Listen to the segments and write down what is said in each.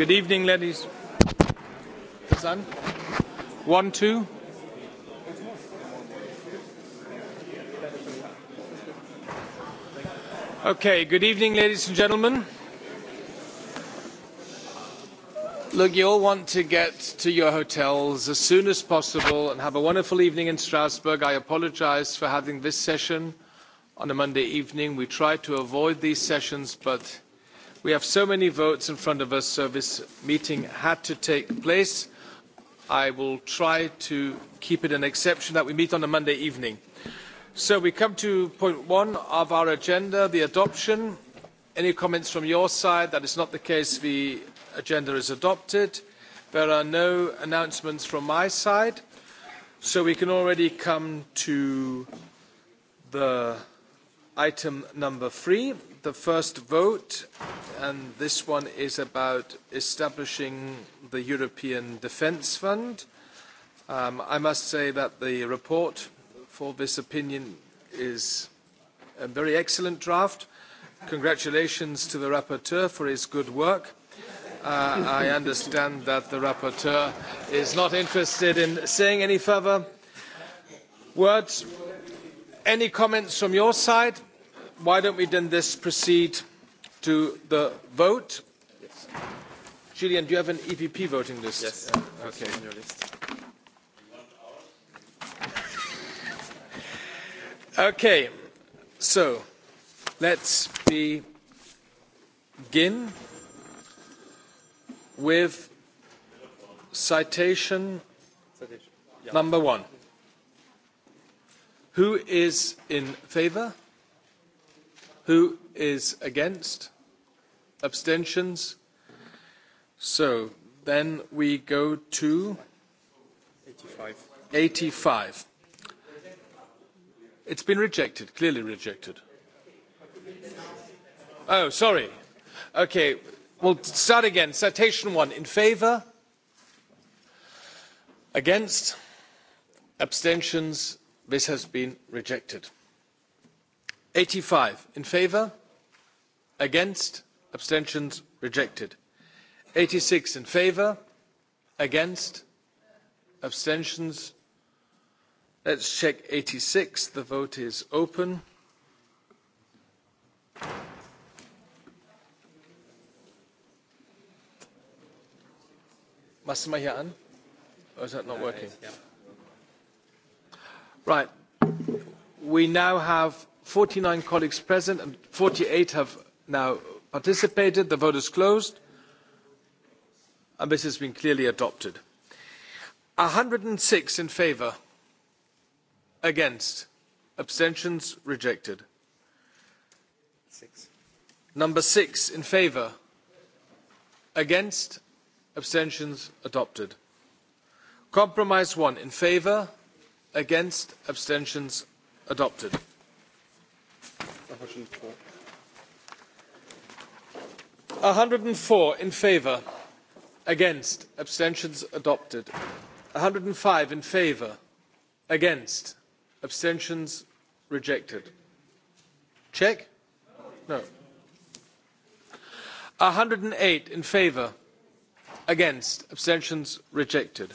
Good evening, ladies. One, two. Okay, good evening, ladies and gentlemen. Look, you all want to get to your hotels as soon as possible and have a wonderful evening in Strasbourg. I apologize for having this session on a Monday evening. We try to avoid these sessions, but We have so many votes in front of us, so this meeting had to take place. I will try to keep it an exception that we meet on a Monday evening. So we come to point one of our agenda, the adoption. Any comments from your side? That is not the case. The agenda is adopted. There are no announcements from my side. So we can already come to the item number three, the first vote, and this one is about establishing the European Defence Fund. Um, I must say that the report for this opinion is a very excellent draft. Congratulations to the rapporteur for his good work. Uh, I understand that the rapporteur is not interested in saying any further words. Any comments from your side? why don't we then this proceed to the vote? Julian, do you have an EPP voting list? Yes. okay. On your list. Okay, so let's begin with citation number one. Who is in favor? Who is against? Abstentions? So then we go to 85. 85. It's been rejected, clearly rejected. Oh, sorry. Okay, we'll start again. Citation one in favor? Against? Abstentions? This has been rejected eighty five in favour against abstentions rejected eighty six in favour against abstentions let's check eighty six the vote is open must hier an or is that not working right we now have forty nine colleagues present and forty eight have now participated. the vote is closed and this has been clearly adopted. one hundred and six in favour against abstentions rejected. Six. number six in favour against abstentions adopted. compromise one in favour against abstentions adopted. 104. 104 in favour. Against. Abstentions adopted. 105 in favour. Against. Abstentions rejected. Check? No. 108 in favour. Against. Abstentions rejected.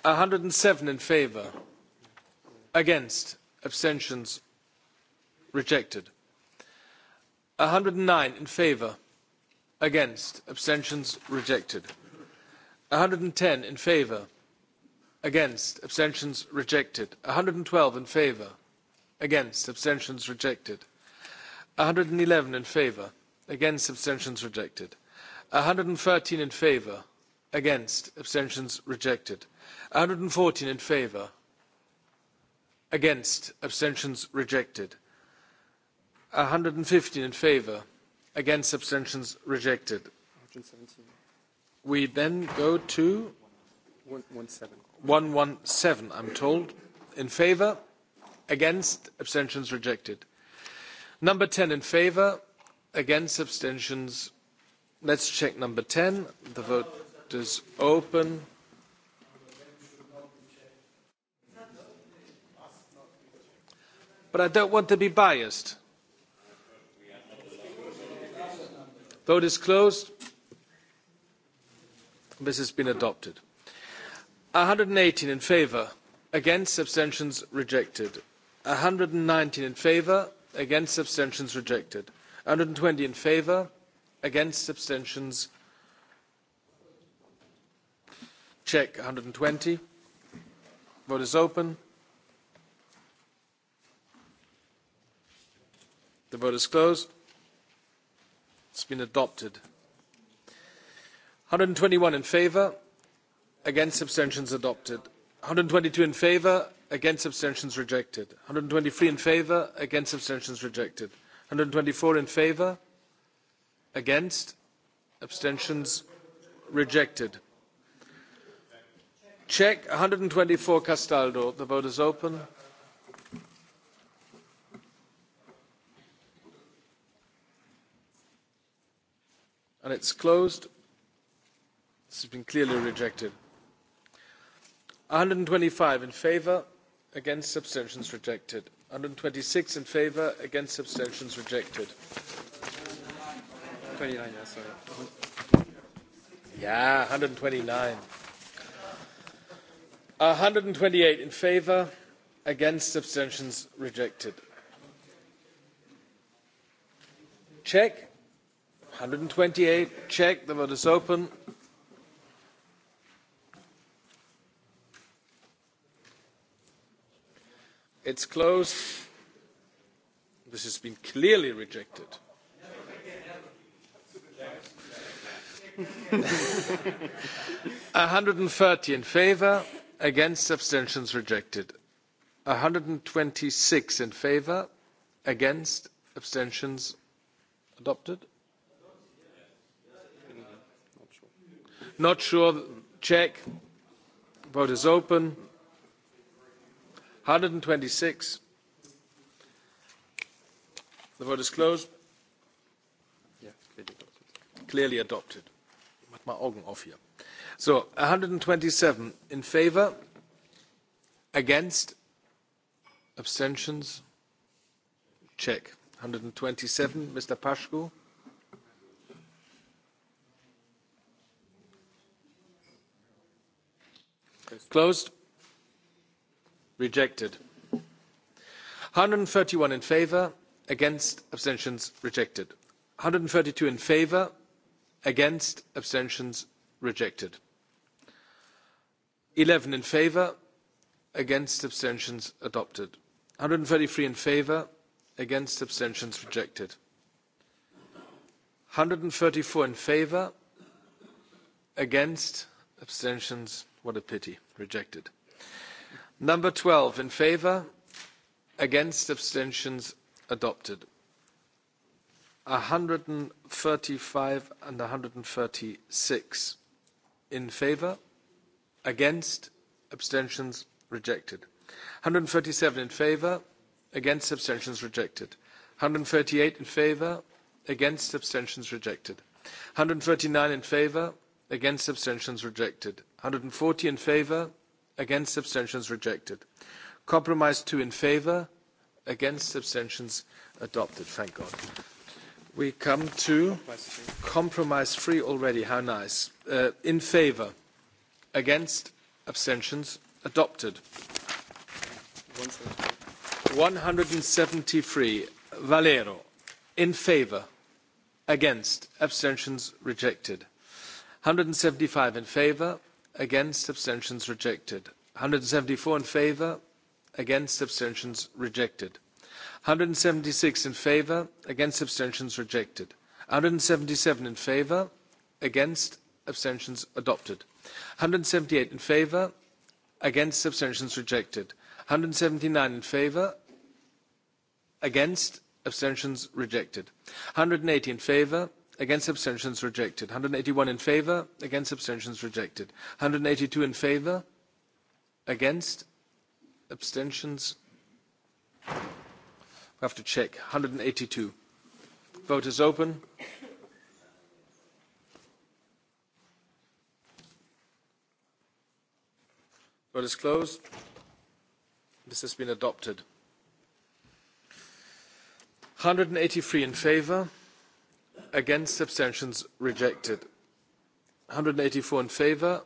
107 in favour. Against. Abstentions rejected nine in favour. against abstentions rejected hundred and ten in favour. against abstentions rejected hundred and twelve in favour. against abstentions rejected hundred and eleven in favour. against abstentions rejected hundred and thirteen in favour. against abstentions rejected hundred and fourteen in favour. against abstentions rejected hundred and fifteen in favour against abstentions rejected we then go to one one i'm told in favour against abstentions rejected number ten in favour against abstentions let's check number ten the vote is open but i don't want to be biased Vote is closed. This has been adopted. 118 in favour, against abstentions rejected. 119 in favour, against abstentions rejected. 120 in favour, against abstentions check 120. Vote is open. The vote is closed. It's been adopted. 121 in favour. Against abstentions adopted. 122 in favour. Against abstentions rejected. 123 in favour. Against abstentions rejected. 124 in favour. Against abstentions rejected. Check 124 Castaldo. The vote is open. and it's closed. This has been clearly rejected. 125 in favour, against abstentions rejected. 126 in favour, against abstentions rejected. 29, yeah, sorry. Yeah, 129. 128 in favour, against abstentions rejected. Check. 128 check. The vote is open. It's closed. This has been clearly rejected. 130 in favor against abstentions rejected 126 in favor against abstentions adopted Not sure. Check. Vote is open. Hundred and twenty six. The vote is closed. clearly adopted. Clearly adopted. hundred mach mal Augen auf hier. So, 127 in favor, against, abstentions, check. seven, Mr. Pashku. closed rejected 131 in favor against abstentions rejected 132 in favor against abstentions rejected 11 in favor against abstentions adopted 133 in favor against abstentions rejected 134 in favor against abstentions What a pity. Rejected. Number 12 in favour? against abstentions adopted. 135 and 136 in favor, against abstentions rejected. 137 in favor, against abstentions rejected. 138 in favor, against abstentions rejected. 139 in favor, against abstentions rejected 140 in favour? against abstentions rejected compromise two in favour? against abstentions adopted thank god we come to compromise free already how nice uh, in favour, against abstentions adopted 173 valero in favour? against abstentions rejected 175 in favour, against abstentions rejected 174 in favour, against abstentions rejected 176 in favour, against abstentions rejected 177 in favour? against abstentions adopted 178 in favour. against abstentions rejected 179 in favour. against abstentions rejected 180 in favor against abstentions rejected 181 in favor against abstentions rejected 182 in favor against abstentions we have to check 182 vote is open vote is closed this has been adopted 183 in favor against abstentions rejected 184 in favor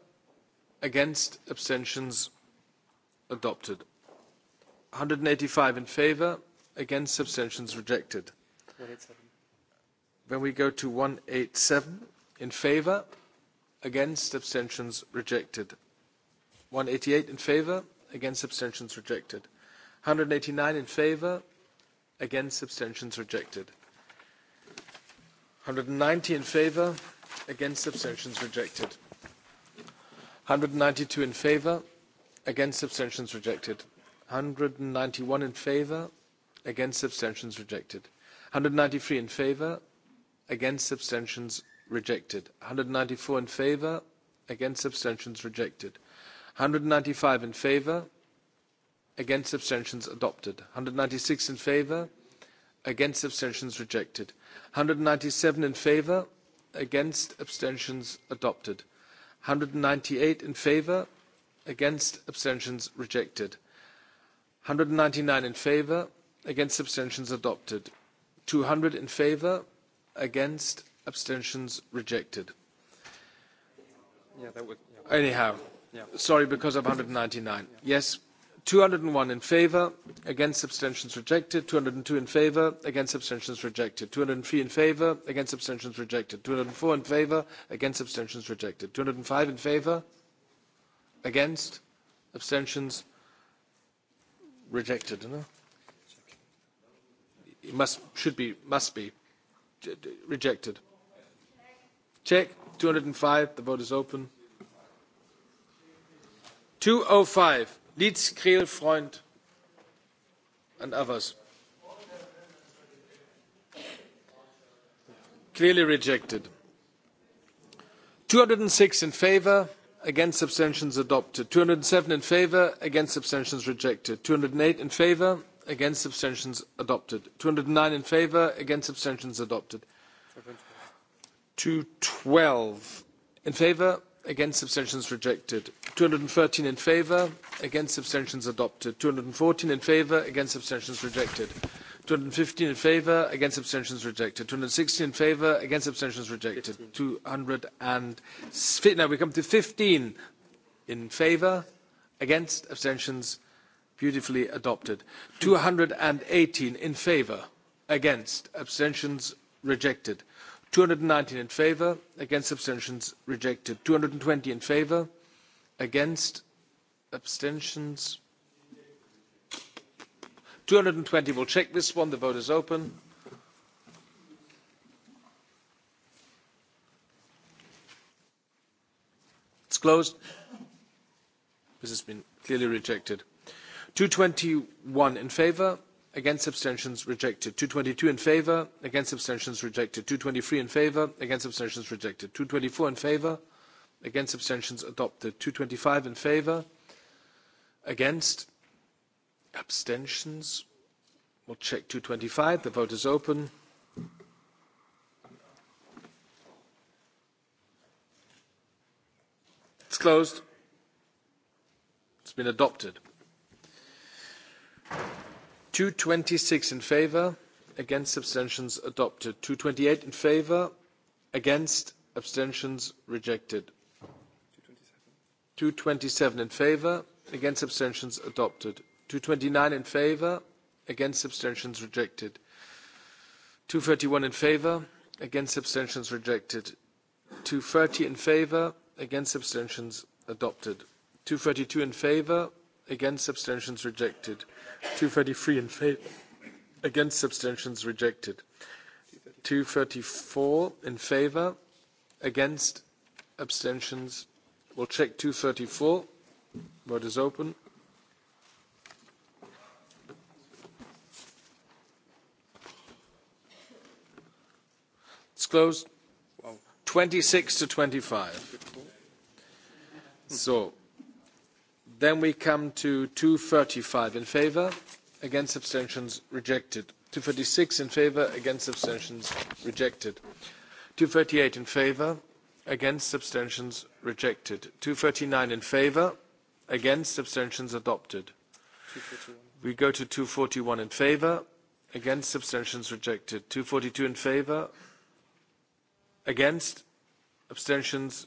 against abstentions adopted 185 in favor against abstentions rejected then we go to 187 in favor against abstentions rejected 188 in favor against abstentions rejected 189 in favor against abstentions rejected 190 in favor, against abstentions rejected. 192 in favor, against abstentions rejected. 191 in favor, against abstentions rejected. 193 in favor, against abstentions rejected. 194 in favor, against abstentions rejected. 195 in favor, against abstentions adopted. 196 in favor, against abstentions rejected Hundred and ninety seven in favor against abstentions adopted Hundred and ninety-eight in favor against abstentions rejected nine in favor against abstentions adopted Two hundred in favor against abstentions rejected yeah that would anyhow yeah. sorry because of 199 nine. yes 201 in favor against abstentions rejected 202 in favor against abstentions rejected 203 in favor against abstentions rejected 204 in favor against abstentions rejected 205 in favor against abstentions rejected no? it must should be must be rejected check 205 the vote is open 205 Leeds, Creel, Freund, and others. Clearly rejected. 206 in favour, against abstentions adopted. 207 in favour, against abstentions rejected. 208 in favour, against abstentions adopted. 209 in favour, against abstentions adopted. 212 in favour, against abstentions rejected. 213 in favour, against abstentions adopted 214 in favour, against abstentions rejected 215 in favor against abstentions rejected 216 in favour, against abstentions rejected 200 and now we come to 15 in favour. against abstentions beautifully adopted 218 in favour. against abstentions rejected 219 in favour. against abstentions rejected 220 in favour against abstentions 220 will check this one the vote is open it's closed this has been clearly rejected 221 in favor against abstentions rejected 222 in favor against abstentions rejected 223 in favor against abstentions rejected 224 in favor against abstentions adopted 225 in favor Against? Abstentions? We'll check 225. The vote is open. It's closed. It's been adopted. 226 in favor, against abstentions adopted. 228 in favor, against abstentions rejected. 227 in favor, against abstentions adopted 229 in favour? against abstentions rejected 231 in favour? against abstentions rejected 230 in favour. against abstentions adopted 232 in favour? against abstentions rejected 233 in favour. against abstentions rejected 234 in favour? against abstentions we'll check 234 Vote is open. It's closed. 26 to 25. So then we come to 235 in favor, against abstentions rejected. 236 in favor, against abstentions rejected. 238 in favor, against abstentions rejected. 239 in favor, Against, abstentions adopted. We go to 241 in favor. Against, abstentions rejected. 242 in favor. Against, abstentions.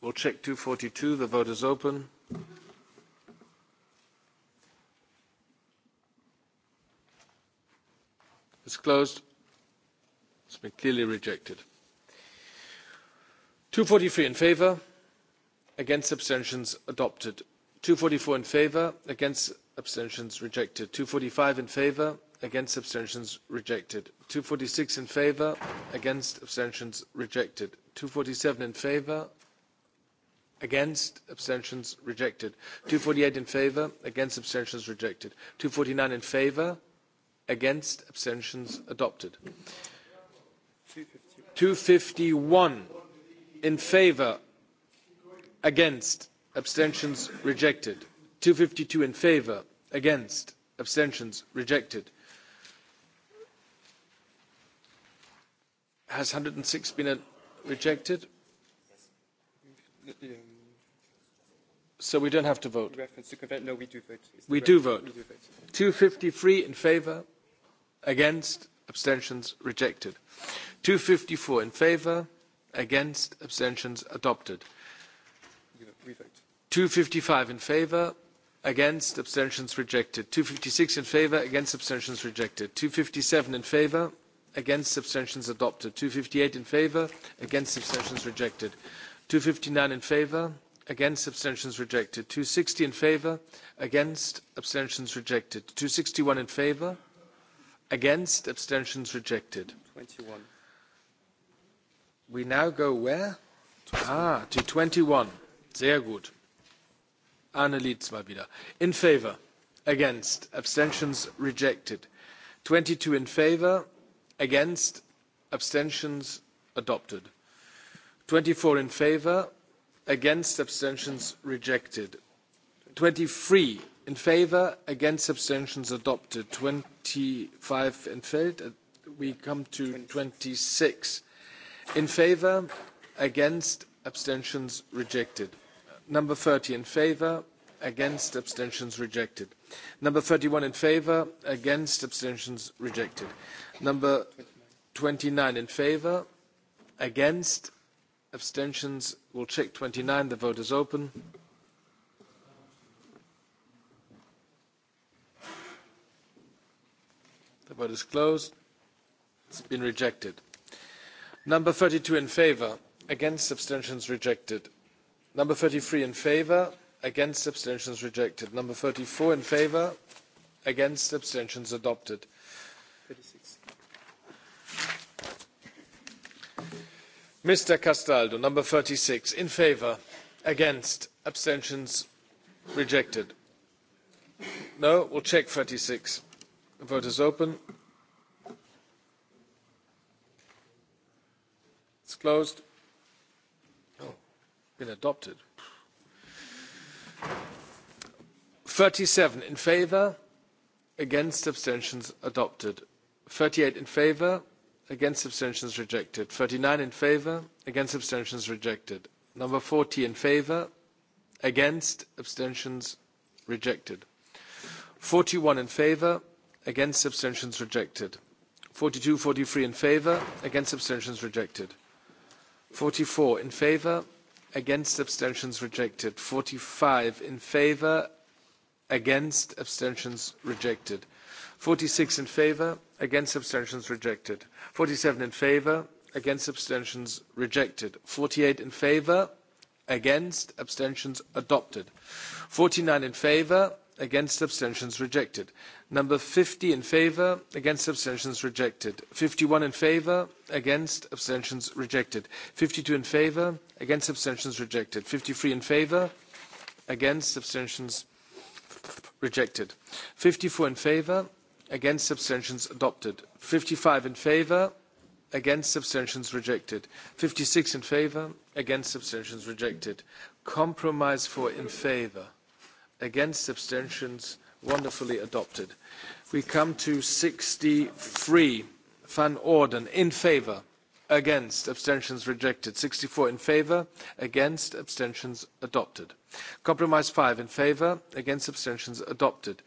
We'll check 242. The vote is open. It's closed. It's been clearly rejected. 243 in favor. Against, abstentions adopted. 244 in favor against abstentions rejected 245 in favor against abstentions rejected 246 in favor against abstentions rejected 247 in favor against abstentions rejected 248 in favor against abstentions rejected 249 in favor against abstentions adopted 251 in favor against abstentions rejected two fifty two in favour against abstentions rejected has one hundred and six been uh, rejected so we don't have to vote we do vote we do vote fifty three in favour against abstentions rejected two fifty four in favour against abstentions adopted 255 in favor against abstentions rejected 256 in favor against abstentions rejected 257 in favor against abstentions adopted 258 in favor against abstentions rejected 259 in favor against abstentions rejected 260 in favor against abstentions rejected 261 in favor against abstentions rejected 21 we now go where ah to 21 sehr gut Annelied mal wieder. In favor, against, abstentions rejected. 22 in favor, against, abstentions adopted. 24 in favor, against, abstentions rejected. 23 in favor, against, abstentions adopted. 25 in We come to 26. In favor, against, abstentions rejected. Number 30 in favor, against, abstentions rejected. Number 31 in favor, against, abstentions rejected. Number 29 in favor, against, abstentions. We'll check 29. The vote is open. The vote is closed. It's been rejected. Number 32 in favor, against, abstentions rejected number thirty three in favour against abstentions rejected number thirty four in favour against abstentions adopted mr castaldo number thirty six in favour against abstentions rejected no we'll check thirty six the vote is open it's closed been adopted. 37 in favor, against abstentions adopted. 38 in favor, against abstentions rejected. 39 in favor, against abstentions rejected. Number 40 in favor, against abstentions rejected. 41 in favor, against abstentions rejected. 42, 43 in favor, against abstentions rejected. 44 in favor, against abstentions rejected Forty five in favor against abstentions rejected Forty six in favor against abstentions rejected Forty seven in favor against abstentions rejected Forty eight in favor against abstentions adopted Forty nine in favor against abstentions rejected number 50 in favor against abstentions rejected 51 in favor against abstentions rejected 52 in favor against abstentions rejected 53 in favor against abstentions rejected 54 in favor against abstentions adopted 55 in favor against abstentions rejected 56 in favor against abstentions rejected compromise for in favor against abstentions wonderfully adopted. We come to 63 van Orden in favor against abstentions rejected 64 in favor against abstentions adopted compromise five in favor against abstentions adopted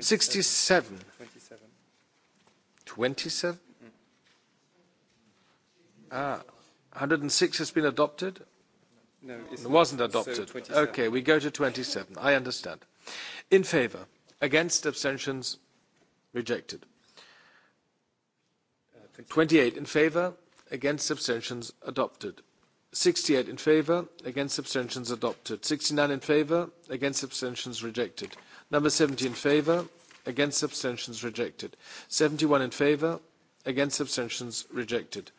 67 27 27 ah 106 has been adopted no, it wasn't adopted. So okay, we go to 27. I understand. In favor, against abstentions, rejected. 28 uh, in favor, against abstentions, adopted. 68 in favor, against abstentions, adopted. 69 in favor, against abstentions, rejected. Number 70 in favor, against abstentions, rejected. 71 in favor, against abstentions, rejected.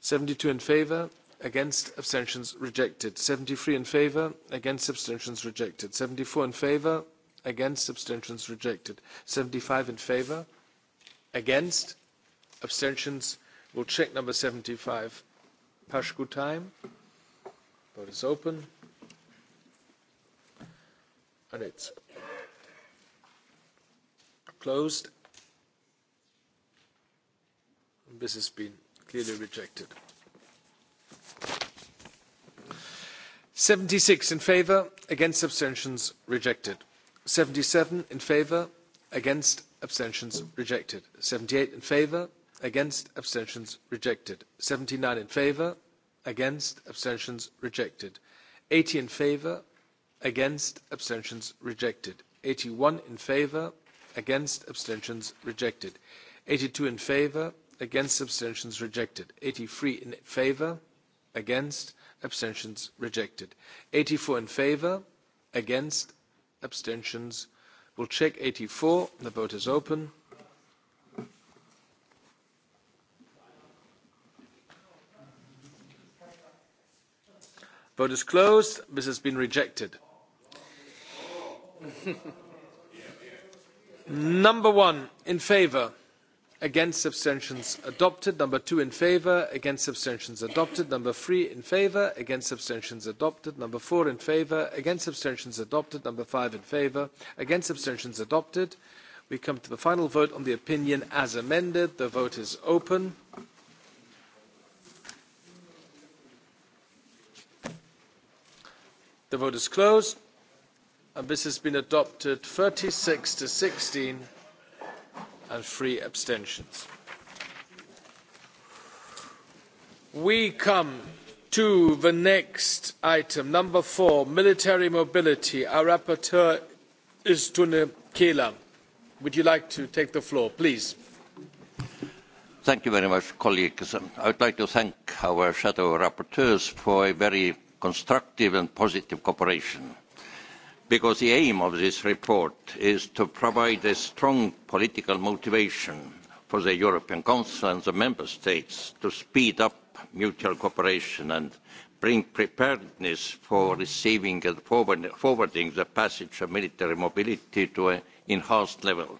72 in favor, against abstentions rejected 73 in favor against abstentions rejected 74 in favor against abstentions rejected 75 in favor against abstentions we'll check number 75 pashku time vote is open and it's closed this has been clearly rejected seventy six in favour against abstentions rejected seventy seven in favour against abstentions rejected seventy eight in favour against abstentions rejected seventy nine in favour against abstentions rejected eighty in favour against abstentions rejected eighty one in favour against abstentions rejected eighty two in favour against abstentions rejected eighty three in favour against abstentions rejected 84 in favor against abstentions we'll check 84 the vote is open vote is closed this has been rejected number one in favor against abstentions adopted number two in favour against abstentions adopted number three in favour against abstentions adopted number four in favour against abstentions adopted number five in favour against abstentions adopted we come to the final vote on the opinion as amended the vote is open the vote is closed and this has been adopted 36 to 16 and three abstentions. We come to the next item, number four, military mobility. Our rapporteur is Tune Kela. Would you like to take the floor, please? Thank you very much, colleagues. I would like to thank our shadow rapporteurs for a very constructive and positive cooperation because the aim of this report is to provide a strong political motivation for the European Council and the Member States to speed up mutual cooperation and bring preparedness for receiving and forwarding the passage of military mobility to an enhanced level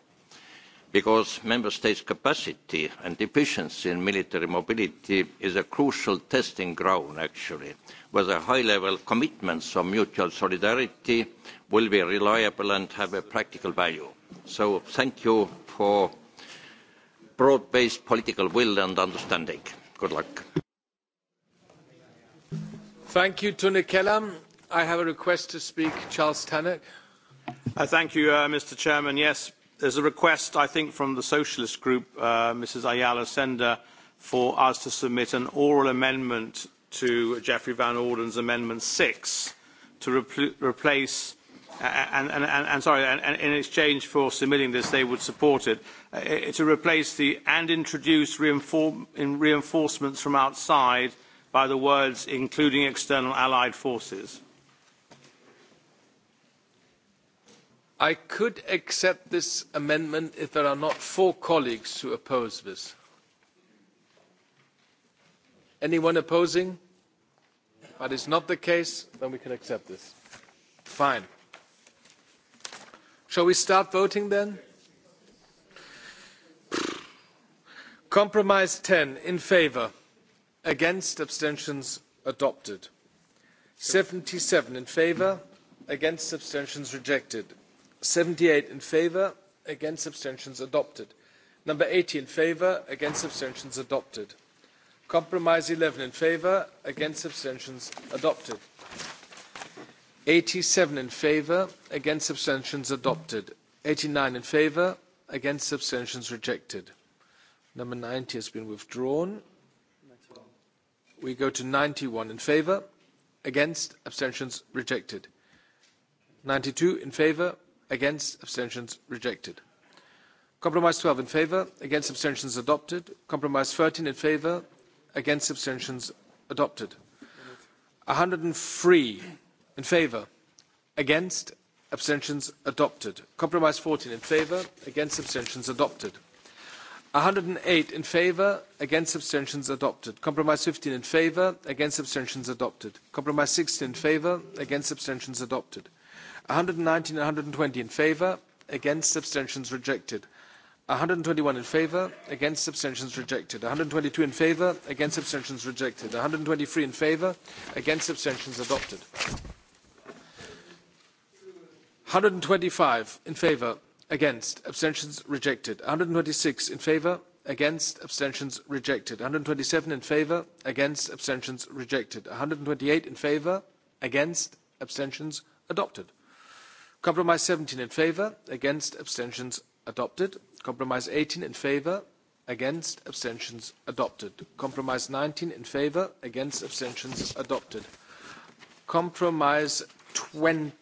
because member states' capacity and efficiency in military mobility is a crucial testing ground, actually, whether high-level commitments of mutual solidarity will be reliable and have a practical value. So thank you for broad-based political will and understanding. Good luck. Thank you, Tony Kellam. I have a request to speak, Charles Tannock. Uh, thank you, uh, Mr. Chairman. Yes, There's a request, I think, from the Socialist Group, uh, Mrs. Ayala Sender, for us to submit an oral amendment to Geoffrey Van Orden's Amendment 6 to replace and, and, and, sorry, and, in exchange for submitting this, they would support it, uh, to replace the and introduce reinforcements from outside by the words including external allied forces. I could accept this amendment if there are not four colleagues who oppose this. Anyone opposing? That is not the case, then we can accept this. Fine. Shall we start voting then? Compromise 10 in favor, against abstentions adopted. 77 in favor, against abstentions rejected seventy eight in favour against abstentions adopted number eighty in favour against abstentions adopted compromise eleven in favour against abstentions adopted eighty seven in favour against abstentions adopted eighty nine in favour against abstentions rejected number ninety has been withdrawn we go to ninety one in favour against abstentions rejected ninety two in favour against abstentions rejected compromise 12 in favor against abstentions adopted compromise 13 in favor against abstentions adopted 103 in favor against abstentions adopted compromise 14 in favor against abstentions adopted 108 in favor against abstentions adopted compromise 15 in favor against abstentions adopted compromise 16 in favor against abstentions adopted 119 and 120 in favour, against abstentions rejected 121 in favour, against abstentions rejected 122 in favour, against abstentions rejected 123 in favour, against abstentions adopted 125 in favour, against abstentions rejected 126 in favour, against abstentions rejected 127 in favour, against abstentions rejected 128 in favour, against abstentions adopted Compromise 17 in favor, against abstentions adopted. Compromise 18 in favor, against abstentions adopted. Compromise 19 in favor, against abstentions adopted. Compromise 20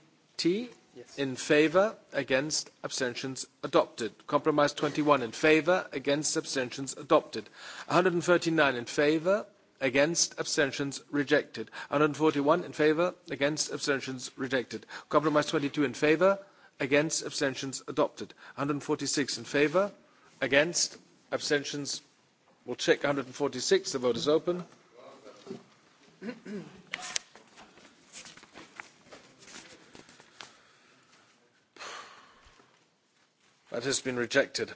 in favor, against abstentions adopted. Compromise 21 in favor, against abstentions adopted. 139 in favor, against abstentions rejected 141 in favor against abstentions rejected compromise 22 in favor against abstentions adopted 146 in favor against abstentions we'll check 146 the vote is open that has been rejected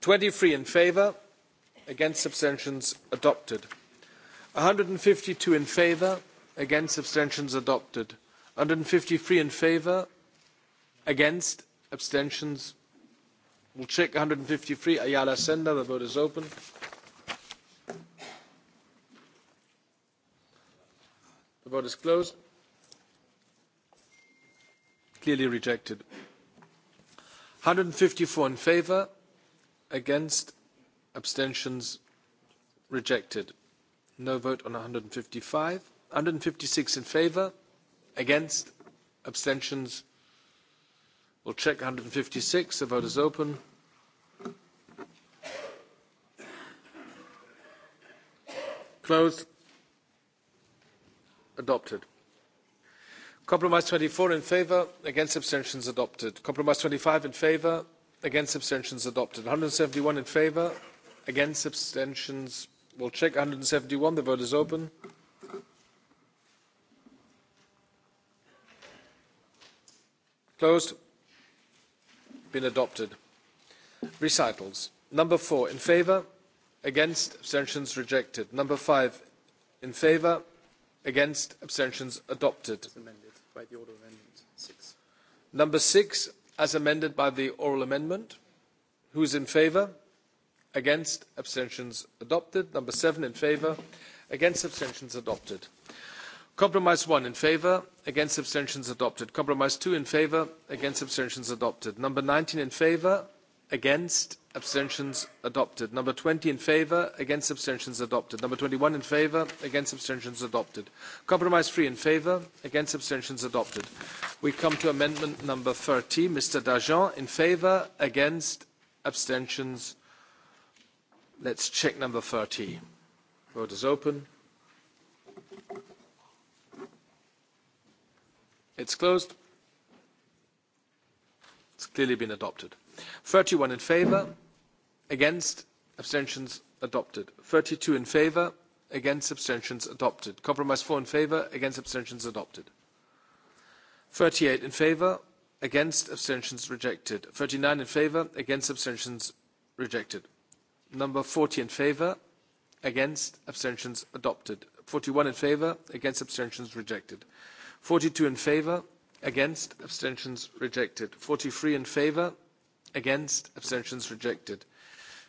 23 in favor against abstentions adopted 152 in favor against abstentions adopted 153 in favor against abstentions we'll check 153 ayala senda the vote is open the vote is closed clearly rejected 154 in favor against abstentions rejected no vote on 155 156 in favor against abstentions we'll check 156 the vote is open closed adopted compromise 24 in favor against abstentions adopted compromise 25 in favor against abstentions adopted 171 in favor Against abstentions. We'll check 171. The vote is open. Closed. Been adopted. Recitals. Number four, in favor. Against, abstentions rejected. Number five, in favor. Against, abstentions adopted. amended by the oral amendment. Six. Number six, as amended by the oral amendment. Who is in favor? against abstentions adopted number seven in favour against abstentions adopted compromise one in favour against abstentions adopted compromise two in favour against abstentions adopted number nineteen in favour against abstentions adopted number twenty in favour against abstentions adopted number twenty one in favour against abstentions adopted compromise three in favour against abstentions adopted we come to amendment number thirty mr danjean in favour against abstentions Let's check number 30. Vote is open. It's closed. It's clearly been adopted. 31 in favor, against, abstentions adopted. 32 in favor, against, abstentions adopted. Compromise 4 in favor, against, abstentions adopted. 38 in favor, against, abstentions rejected. 39 in favor, against, abstentions rejected number 40 in favor against abstentions adopted 41 in favor against abstentions rejected 42 in favor against abstentions rejected 43 in favor against abstentions rejected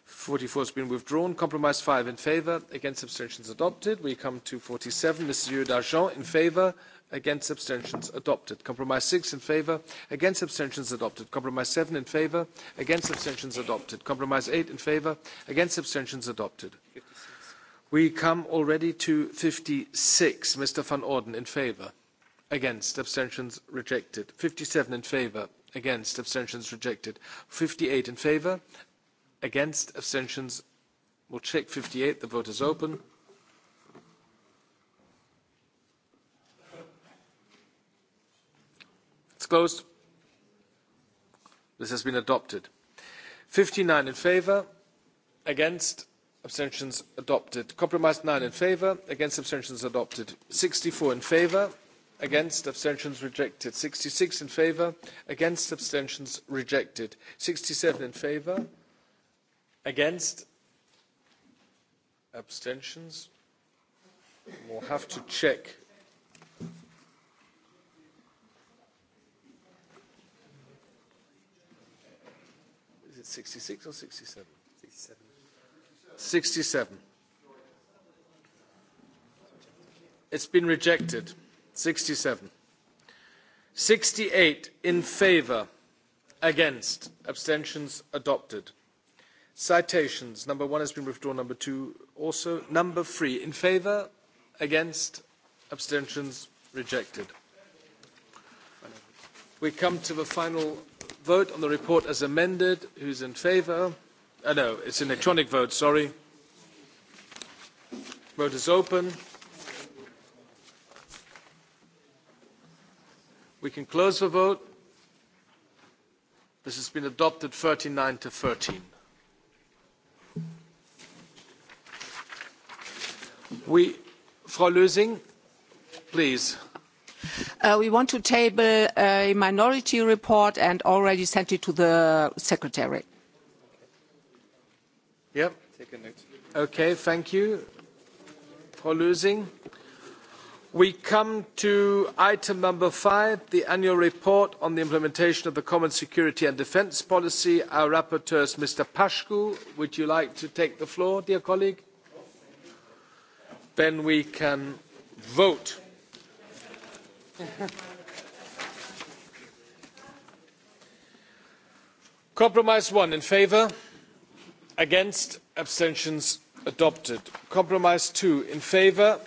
44 has been withdrawn compromise 5 in favor against abstentions adopted we come to 47 Monsieur Dargent in favor against abstentions adopted compromise 6 in favor against abstentions adopted compromise 7 in favor against abstentions adopted compromise 8 in favor against abstentions adopted we come already to 56 mr van orden in favor against abstentions rejected 57 in favor against abstentions rejected 58 in favor against abstentions we'll check 58 the vote is open Closed. This has been adopted. 59 in favor, against, abstentions adopted. Compromise 9 in favor, against, abstentions adopted. 64 in favor, against, abstentions rejected. 66 in favor, against, abstentions rejected. 67 in favor, against, abstentions. We'll have to check. 66 or 67? 67. 67. It's been rejected. 67. 68 in favor. Against. Abstentions adopted. Citations. Number one has been withdrawn. Number two also. Number three in favor. Against. Abstentions rejected. We come to the final vote on the report as amended. Who's in favour? Uh, no, it's an electronic vote, sorry. Vote is open. We can close the vote. This has been adopted 39 to 13. We, Frau Lösing, please. Uh, we want to table a minority report and already sent it to the secretary. Yep. Take a note. Okay, thank you. Frau Lösing. We come to item number five, the annual report on the implementation of the common security and defence policy. Our rapporteur is Mr. Pashku. Would you like to take the floor, dear colleague? Then we can vote compromise one in favour against abstentions adopted compromise two in favour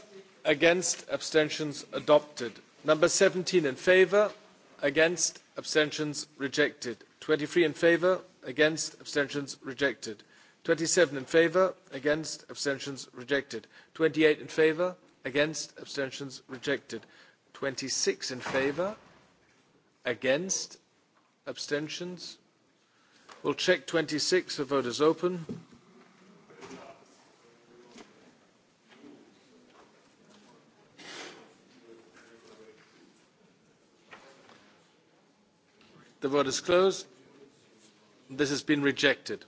against abstentions adopted number seventeen in favour against abstentions rejected twenty three in favour against abstentions rejected twenty seven in favour against abstentions rejected twenty eight in favour against abstentions rejected 26 in favor against abstentions we'll check 26 the vote is open the vote is closed this has been rejected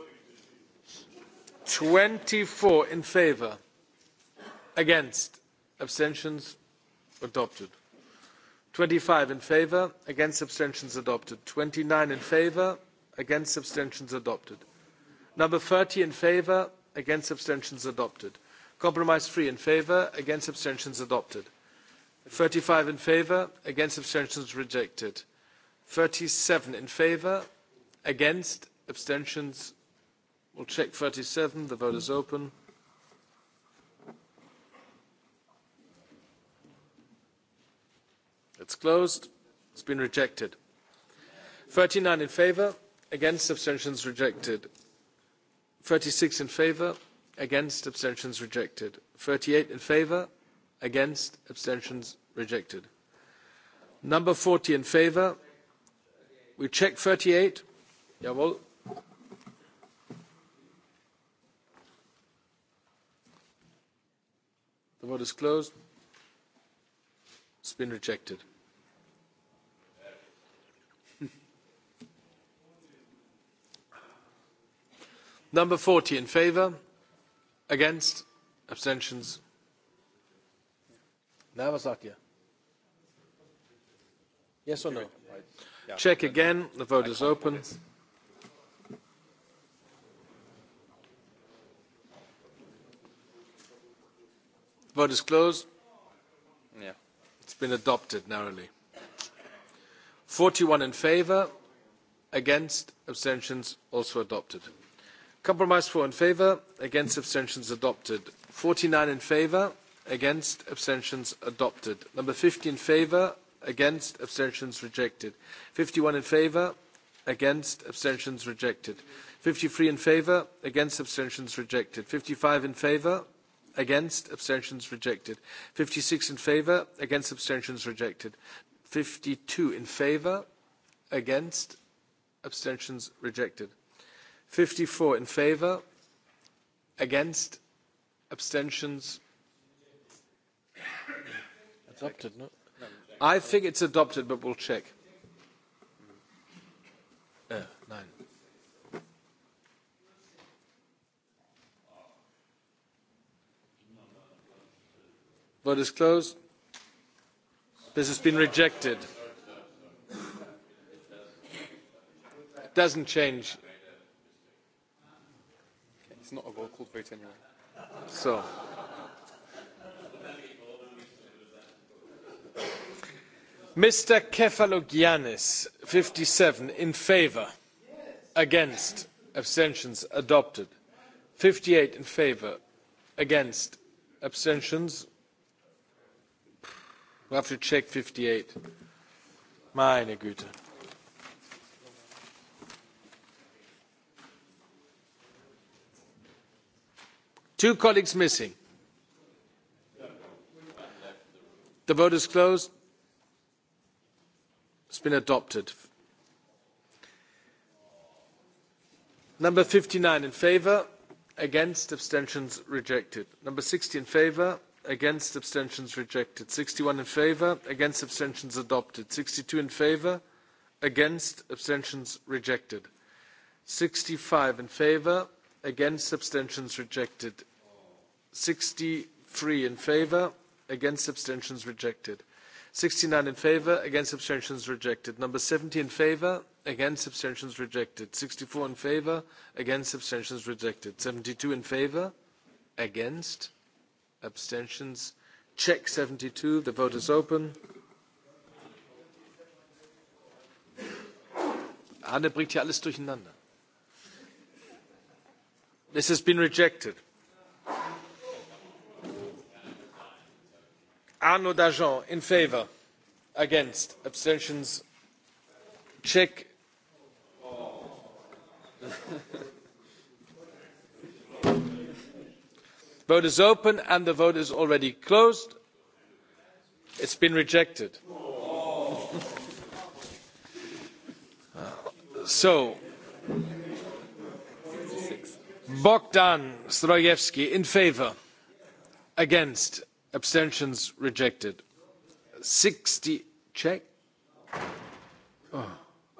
twenty four in favour against abstentions adopted twenty five in favour against abstentions adopted twenty nine in favour against abstentions adopted number thirty in favour against abstentions adopted compromise free in favour against abstentions adopted thirty five in favor against abstentions rejected thirty seven in favour against abstentions we'll check thirty seven the vote is open It's closed. It's been rejected. 39 in favor. Against abstentions rejected. 36 in favor. Against abstentions rejected. 38 in favor. Against abstentions rejected. Number 40 in favor. We check 38. Jawohl. The vote is closed. It's been rejected. Number 40 in favor. Against. Abstentions. Na, what's Yes or no? Check again. The vote is open. Vote is closed been adopted narrowly. 41 in favour, against, abstentions also adopted. Compromise four in favour, against, abstentions adopted. 49 in favour, against, abstentions adopted. Number 50 in favour, against, abstentions rejected. 51 in favour, against, abstentions rejected. 53 in favour, against, abstentions rejected. 55 in favour, against abstentions rejected 56 in favor against abstentions rejected 52 in favor against abstentions rejected 54 in favor against abstentions adopted no i think it's adopted but we'll check yeah. Vote is closed. This has been rejected. It doesn't change. It's not a vocal vote anyway. So. Mr. Kefalogiannis, 57, in favor. Against. Abstentions adopted. 58 in favor. Against. Abstentions We have to check 58. Meine Güte. Two colleagues missing. The vote is closed. It's been adopted. Number 59 in favor, against, abstentions rejected. Number 60 in favor, against abstentions rejected Sixty one in favour, against abstentions adopted Sixty two in favour? against abstentions rejected Sixty five in favour, against abstentions rejected Sixty three in favour, against abstentions rejected Sixty nine in favour, against abstentions rejected number seventy in favour, against abstentions rejected Sixty four in favour, against abstentions rejected Seventy two in favour? against abstentions check 72 the vote is open Anne bringt hier alles durcheinander this has been rejected Arnaud Dajon in favor against abstentions check vote is open and the vote is already closed it's been rejected so bogdan zdrojewski in favour against abstentions rejected sixty check oh,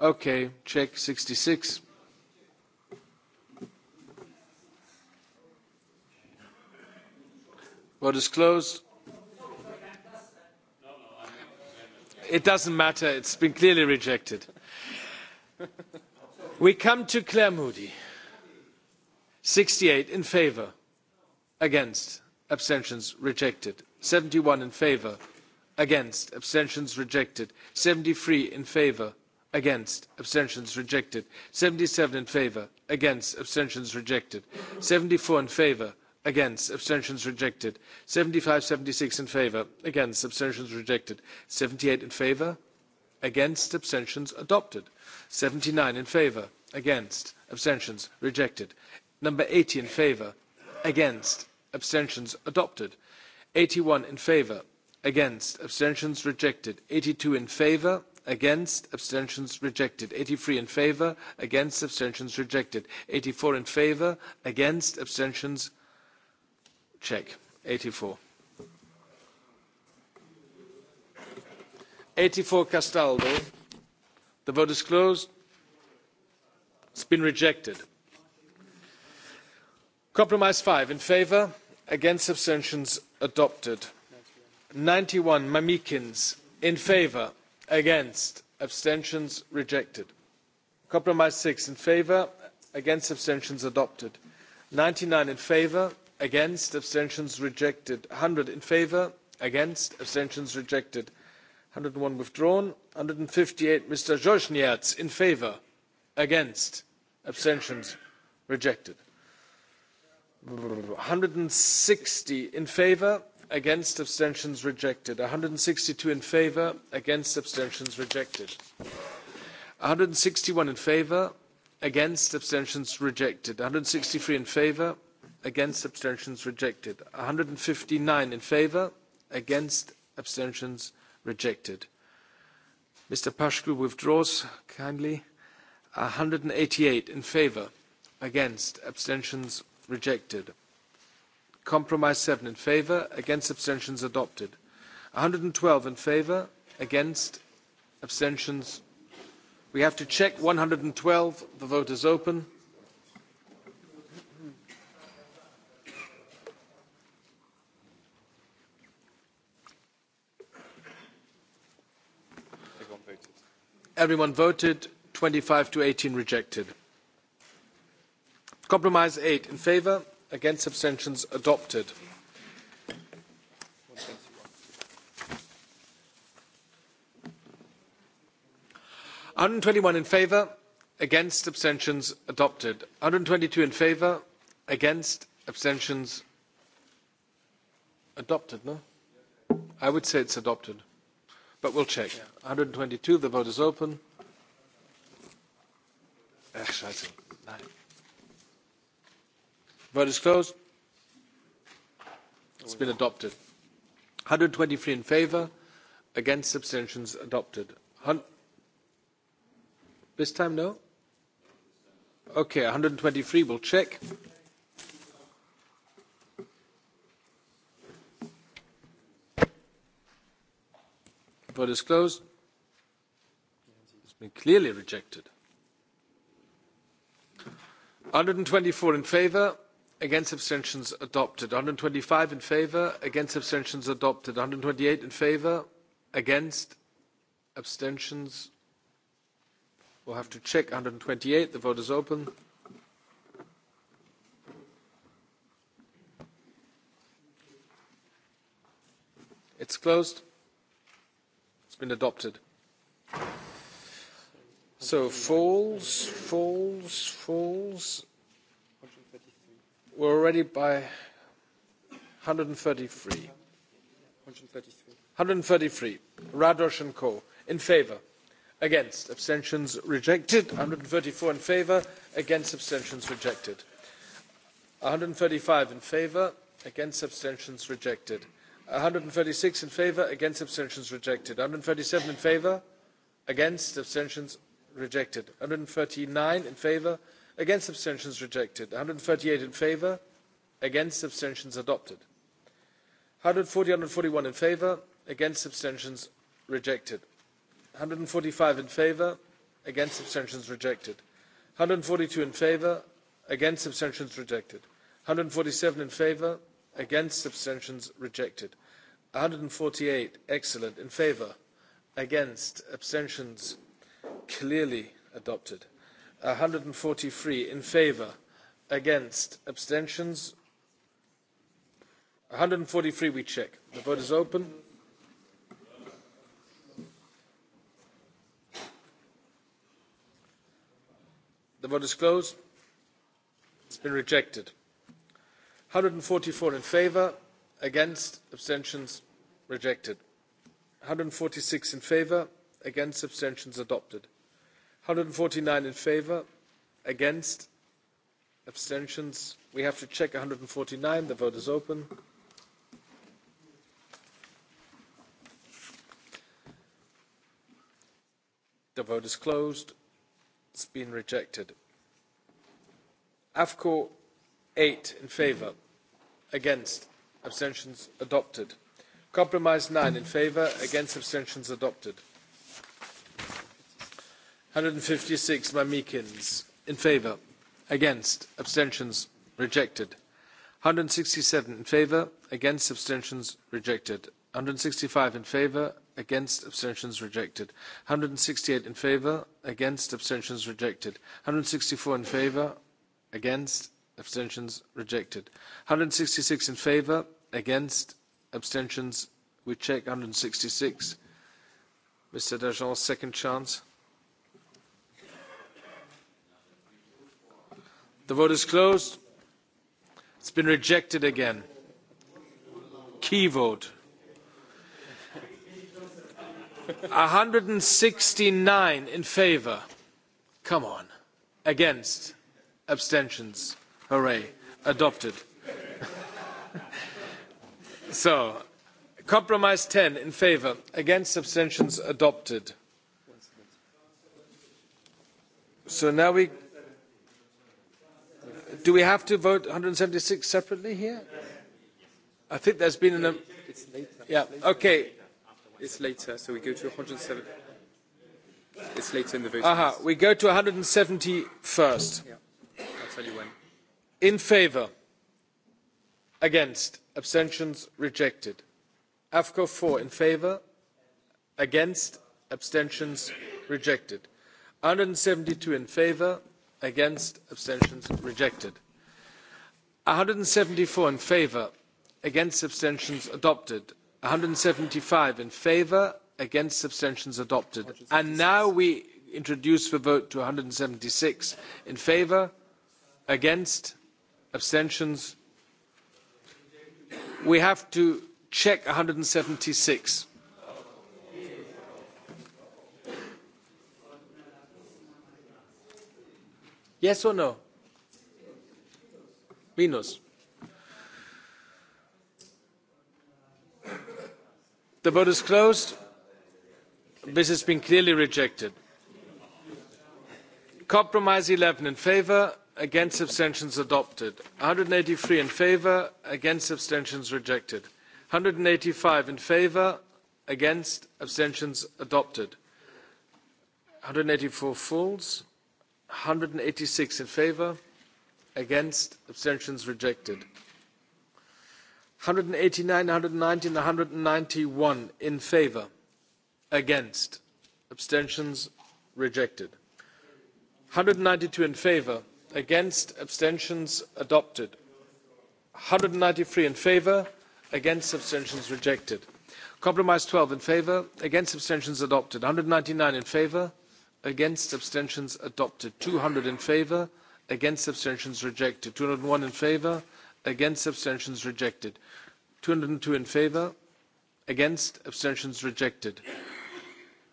okay check sixty six Vote is closed. It doesn't matter. It's been clearly rejected. We come to Claire Moody. 68 in favor. Against. Abstentions rejected. 71 in favor. Against. Abstentions rejected. 73 in favor against abstentions rejected 77 in favor against abstentions rejected 74 in favor against abstentions rejected seventy five seventy six in favour against abstentions rejected seventy eight in favour against abstentions adopted seventy nine in favour against abstentions rejected number eighty in favour against abstentions adopted eighty one in favour against abstentions rejected eighty two in favour against abstentions rejected eighty three in favour against abstentions rejected eighty four in favour against abstentions Check. 84. 84 Castaldo. The vote is closed. It's been rejected. Compromise 5 in favor, against abstentions adopted. 91 Mamikins in favor, against abstentions rejected. Compromise 6 in favor, against abstentions adopted. 99 in favor, against abstentions rejected hundred in favor against abstentions rejected 101 withdrawn 158 mr sonierz in favor against abstentions rejected 160 in favor against abstentions rejected 162 in favor against abstentions rejected 161 in favor against abstentions rejected 163 in favor against abstentions rejected 159 in favour? against abstentions rejected mr pashku withdraws kindly 188 in favor against abstentions rejected compromise 7 in favour. against abstentions adopted 112 in favour. against abstentions we have to check 112 the vote is open Everyone voted. twenty five to eighteen rejected. Compromise eight in favor. Against abstentions adopted. One hundred and twenty one in favor. Against abstentions adopted. One hundred and twenty two in favor. Against abstentions adopted, no? I would say it's adopted. But we'll check. 122, the vote is open. Vote is closed. It's been adopted. 123 in favor, against abstentions adopted. Hun this time, no? Okay, 123, we'll check. Vote is closed. It's been clearly rejected. 124 in favour, against abstentions adopted. 125 in favour, against abstentions adopted. 128 in favour, against abstentions. We'll have to check 128. The vote is open. It's closed been adopted. So falls, falls, falls. We're already by 133. 133. Radosh and Co. In favor. Against. Abstentions rejected. 134 in favor. Against. Abstentions rejected. 135 in favor. Against. Abstentions rejected. 136 in favor against abstentions rejected 137 in favor against abstentions rejected 139 in favor against abstentions rejected 138 in favor against abstentions adopted 140 141 in favor against abstentions rejected 145 in favor against abstentions rejected 142 in favor against abstentions rejected 147 in favor against abstentions rejected 148 excellent in favor against abstentions clearly adopted 143 in favor against abstentions 143 we check the vote is open the vote is closed it's been rejected 144 in favour, against abstentions rejected 146 in favour, against abstentions adopted 149 in favour, against abstentions we have to check 149 the vote is open the vote is closed it's been rejected afco 8 in favour against abstentions adopted compromise 9 in favor against abstentions adopted 156 mamikins in favor against abstentions rejected 167 in favor against abstentions rejected 165 in favor against abstentions rejected 168 in favor against abstentions rejected 164 in favor against abstentions rejected 166 in favor against abstentions we check 166 mr Dajon, second chance the vote is closed it's been rejected again key vote 169 in favor come on against abstentions Hooray. Adopted. so, compromise 10 in favor, against abstentions adopted. So now we do we have to vote 176 separately here? I think there's been an. It's later. Yeah. Okay. It's later, so we go to 170. It's later in the vote. Aha. Uh -huh. We go to 171 first. Yeah. I'll tell you when in favour against abstentions rejected afco four in favour against abstentions rejected one hundred and seventy two in favour against abstentions rejected one hundred and seventy four in favour against abstentions adopted one hundred and seventy five in favour against abstentions adopted and now we introduce the vote to one hundred and seventy six in favour against abstentions we have to check one hundred and seventy six. yes or no minus the vote is closed this has been clearly rejected compromise eleven in favor against abstentions adopted one hundred and eighty three in favour against abstentions rejected one hundred and eighty five in favour against abstentions adopted one hundred and eighty four fools. one hundred and eighty six in favour against abstentions rejected one hundred and eighty nine one hundred and ninety and one hundred and ninety one in favour against abstentions rejected one hundred and ninety two in favour against abstentions adopted one hundred and ninety three in favour against abstentions rejected compromise twelve in favour against abstentions adopted one hundred and ninety nine in favour against abstentions adopted two hundred in favour against abstentions rejected two hundred and one in favour against abstentions rejected two hundred and two in favour against abstentions rejected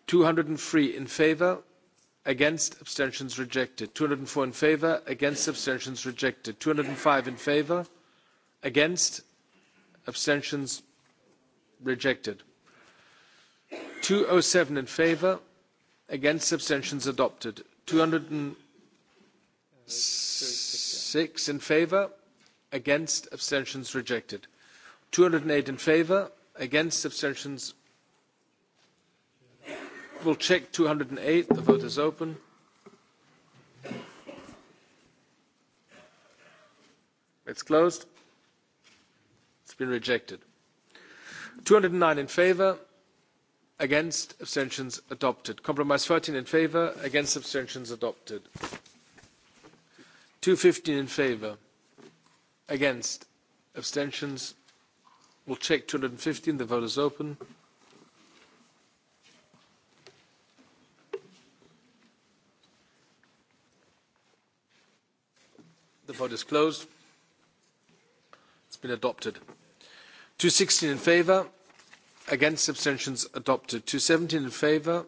two hundred and three in favour against abstentions rejected Two hundred and four in favor against abstentions rejected Two hundred and five in favour? against abstentions rejected Two seven in favour. against abstentions adopted Two hundred six in favor against abstentions rejected Two hundred and eight in favour. against abstentions will check 208. The vote is open. It's closed. It's been rejected. 209 in favor, against, abstentions adopted. Compromise 13 in favor, against, abstentions adopted. 215 in favor, against, abstentions. We'll check 215. The vote is open. The vote is closed. It's been adopted. 216 in favor, against abstentions adopted. 217 in favor,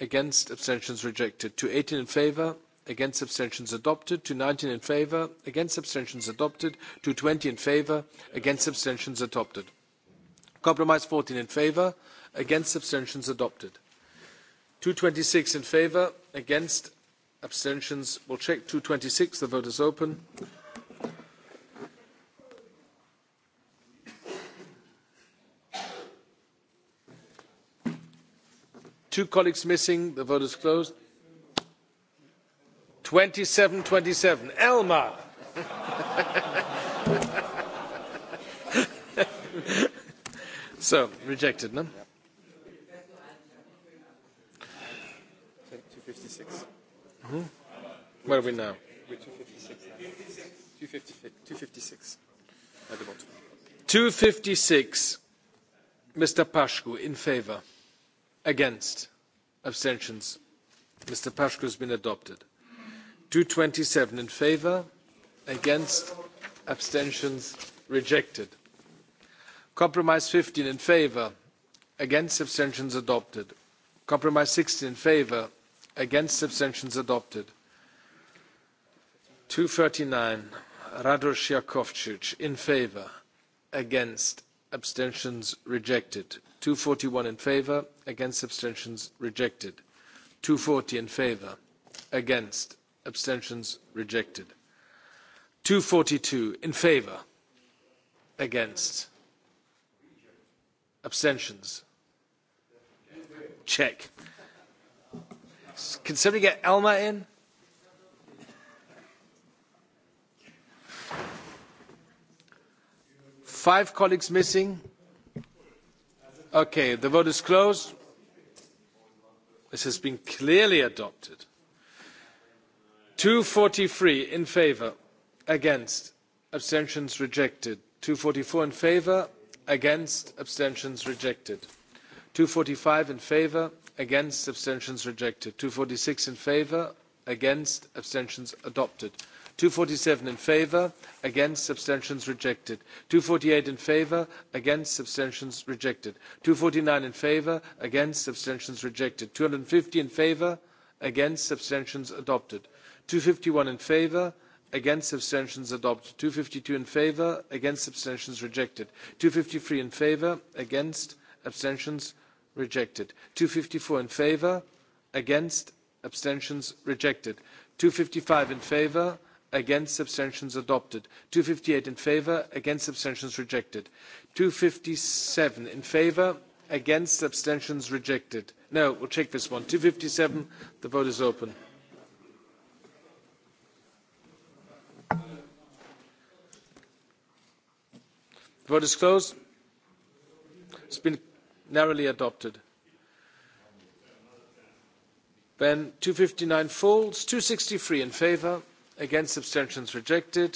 against abstentions rejected. 218 in favor, against abstentions adopted. 219 in favor, against abstentions adopted. 220 in favor, against abstentions adopted. Compromise 14 in favor, against abstentions adopted. 226 in favor, against abstentions we'll check 226 the vote is open two colleagues missing the vote is closed 27 27 elmar so rejected no Hmm? Where are we now? 256. 256. 256. Mr. Pashku in favor. Against. Abstentions. Mr. Pashku has been adopted. 227 in favor. Against. Abstentions. Rejected. Compromise 15 in favor. Against. Abstentions adopted. Compromise 16 in favor against abstentions adopted 239 nine yakovcic in favor against abstentions rejected 241 in favor against abstentions rejected 240 in favor against abstentions rejected 242 in favor against abstentions check Can somebody get Elma in? Five colleagues missing. Okay, the vote is closed. This has been clearly adopted. 243 in favor against, abstentions rejected. 244 in favor against, abstentions rejected. 245 in favor against abstentions rejected Two forty six in favour. against abstentions adopted Two forty seven in favour. against abstentions rejected Two forty-eight in favour. against abstentions rejected Two forty-nine in favour. against abstentions rejected Two hundred and fifty in favour? against abstentions adopted Two fifty one in favour. against abstentions adopted Two fifty two in favour. against abstentions rejected Two fifty three in favour. against abstentions rejected 254 in favor against abstentions rejected 255 in favor against abstentions adopted 258 in favor against abstentions rejected 257 in favor against abstentions rejected no we'll check this one 257 the vote is open The vote is closed it's been narrowly adopted then 259 folds 263 in favor against abstentions rejected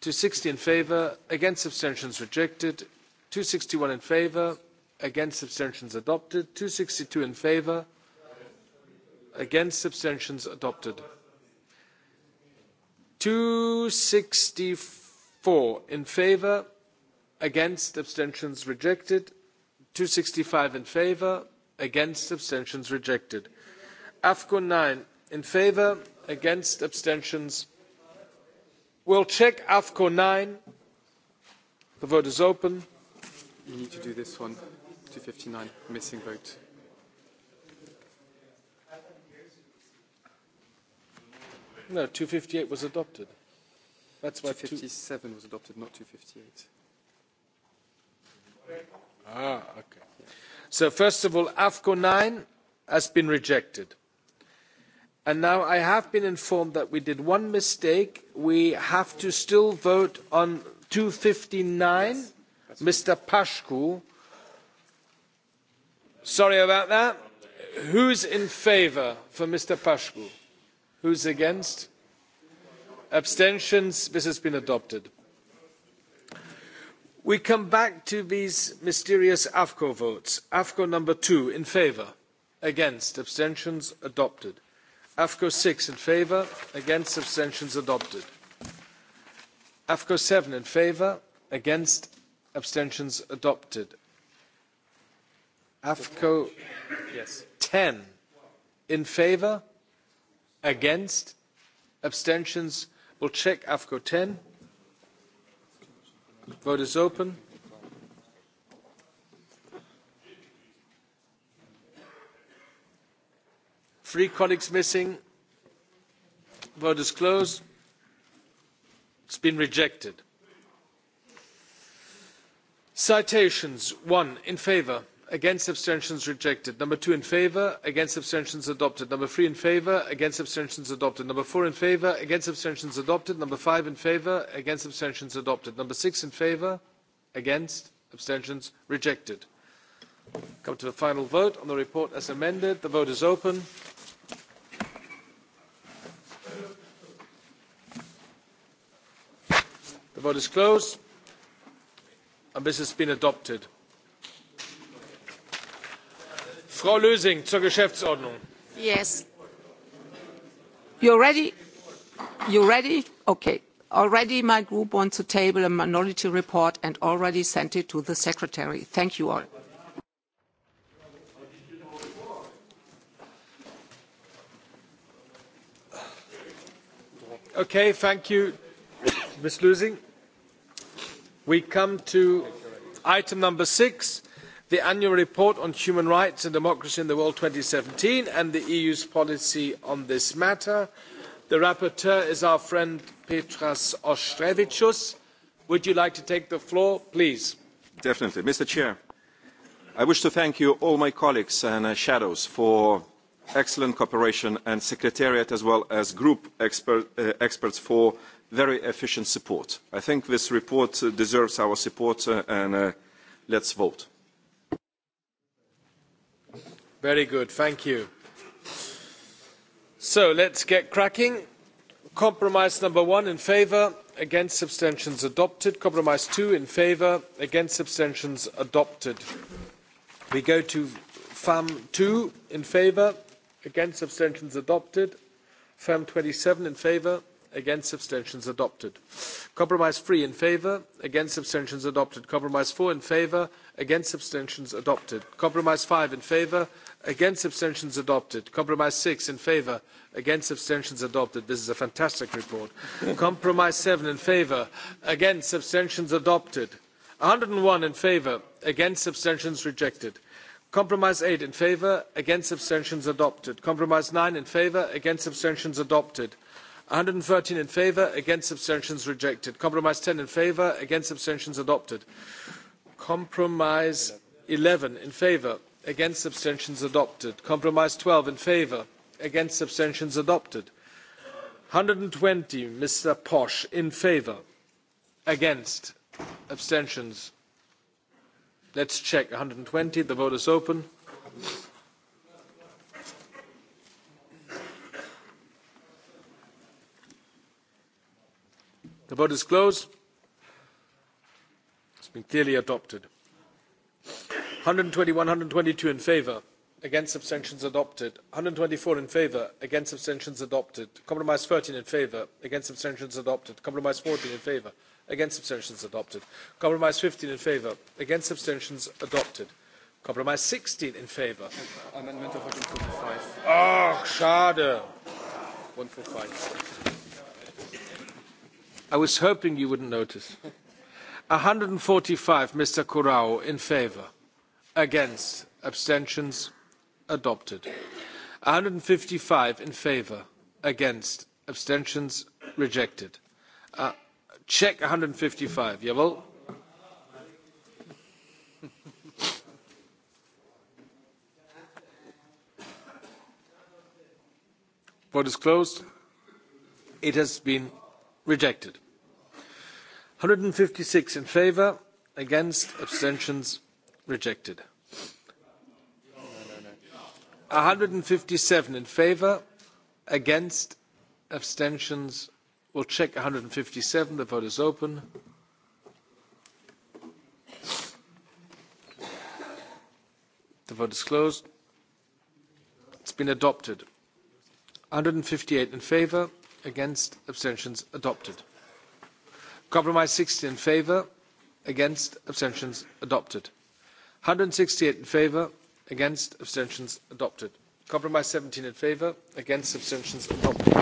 260 in favour, against abstentions rejected 261 in favor against abstentions adopted 262 in favor against abstentions adopted 264 in favor against abstentions rejected 265 in favor against abstentions rejected afco 9 in favor against abstentions we'll check afco 9 the vote is open you need to do this one 259 missing vote no 258 was adopted that's why 257 two... was adopted not 258 Ah, okay. So first of all, AFCO 9 has been rejected. And now I have been informed that we did one mistake. We have to still vote on fifty nine, Mr. Pashku. Sorry about that. Who's in favour for Mr. who Who's against? Abstentions? This has been adopted we come back to these mysterious afco votes afco number two in favour against abstentions adopted afco six in favour against abstentions adopted afco seven in favour against abstentions adopted afco ten in favour against abstentions we'll check afco ten Vote is open. Three colleagues missing. Vote is closed. It's been rejected. Citations. One in favour against abstentions rejected number two in favour against abstentions adopted number three in favour against abstentions adopted number four in favour against abstentions adopted number five in favour against abstentions adopted number six in favour against abstentions rejected come to the final vote on the report as amended the vote is open the vote is closed and this has been adopted Frau Lösing zur Geschäftsordnung. Yes. You're ready? You ready? Okay. Already my group wants to table a minority report and already sent it to the secretary. Thank you all. Okay, thank you, Ms. Lösing. We come to item number six the annual report on human rights and democracy in the world 2017 and the EU's policy on this matter. The rapporteur is our friend Petras Ostrevichus. Would you like to take the floor, please? Definitely. Mr. Chair, I wish to thank you, all my colleagues and uh, shadows, for excellent cooperation and secretariat as well as group uh, experts for very efficient support. I think this report uh, deserves our support and let's vote. Very good, thank you. So let's get cracking. Compromise number one in favour, against abstentions adopted. Compromise two in favour, against abstentions adopted. We go to FAM two in favour, against abstentions adopted. FAM 27 in favour, against abstentions adopted. Compromise three in favour, against abstentions adopted. Compromise four in favour, against abstentions adopted. Compromise five in favour, against abstentions adopted compromise six in favour against abstentions adopted this is a fantastic report compromise seven in favour against abstentions adopted one hundred and one in favour against abstentions rejected compromise eight in favour against abstentions adopted compromise nine in favour against abstentions adopted one hundred and thirteen in favour against abstentions rejected compromise ten in favour against abstentions adopted compromise 11 in favour against abstentions adopted compromise 12 in favor against abstentions adopted 120 mr posh in favor against abstentions let's check 120 the vote is open the vote is closed it's been clearly adopted 120, 122 in favor. Against abstentions adopted. 124 in favor. Against abstentions adopted. Compromise 13 in favor. Against abstentions adopted. Compromise 14 in favor. Against abstentions adopted. Compromise 15 in favor. Against abstentions adopted. Compromise 16 in favor. Amendment of 145. Oh, schade. 145. I was hoping you wouldn't notice. 145, Mr. Kurao, in favor against abstentions adopted One hundred and fifty five in favor against abstentions rejected uh, check 155 well vote is closed it has been rejected 156 in favor against abstentions rejected 157 in favor against abstentions we'll check 157 the vote is open the vote is closed it's been adopted 158 in favor against abstentions adopted compromise 60 in favor against abstentions adopted 168 in favour against abstentions adopted compromise 17 in favour against abstentions adopted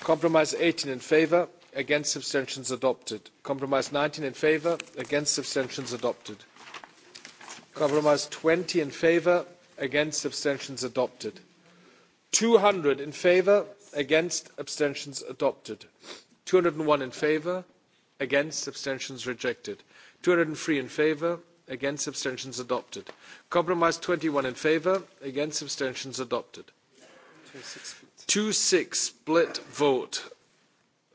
compromise 18 in favour against abstentions adopted compromise 19 in favour against abstentions adopted compromise 20 in favour against abstentions adopted 200 in favour against abstentions adopted 201 in favour against abstentions rejected 203 in favour against abstentions adopted compromise 21 in favor against abstentions adopted Two six split vote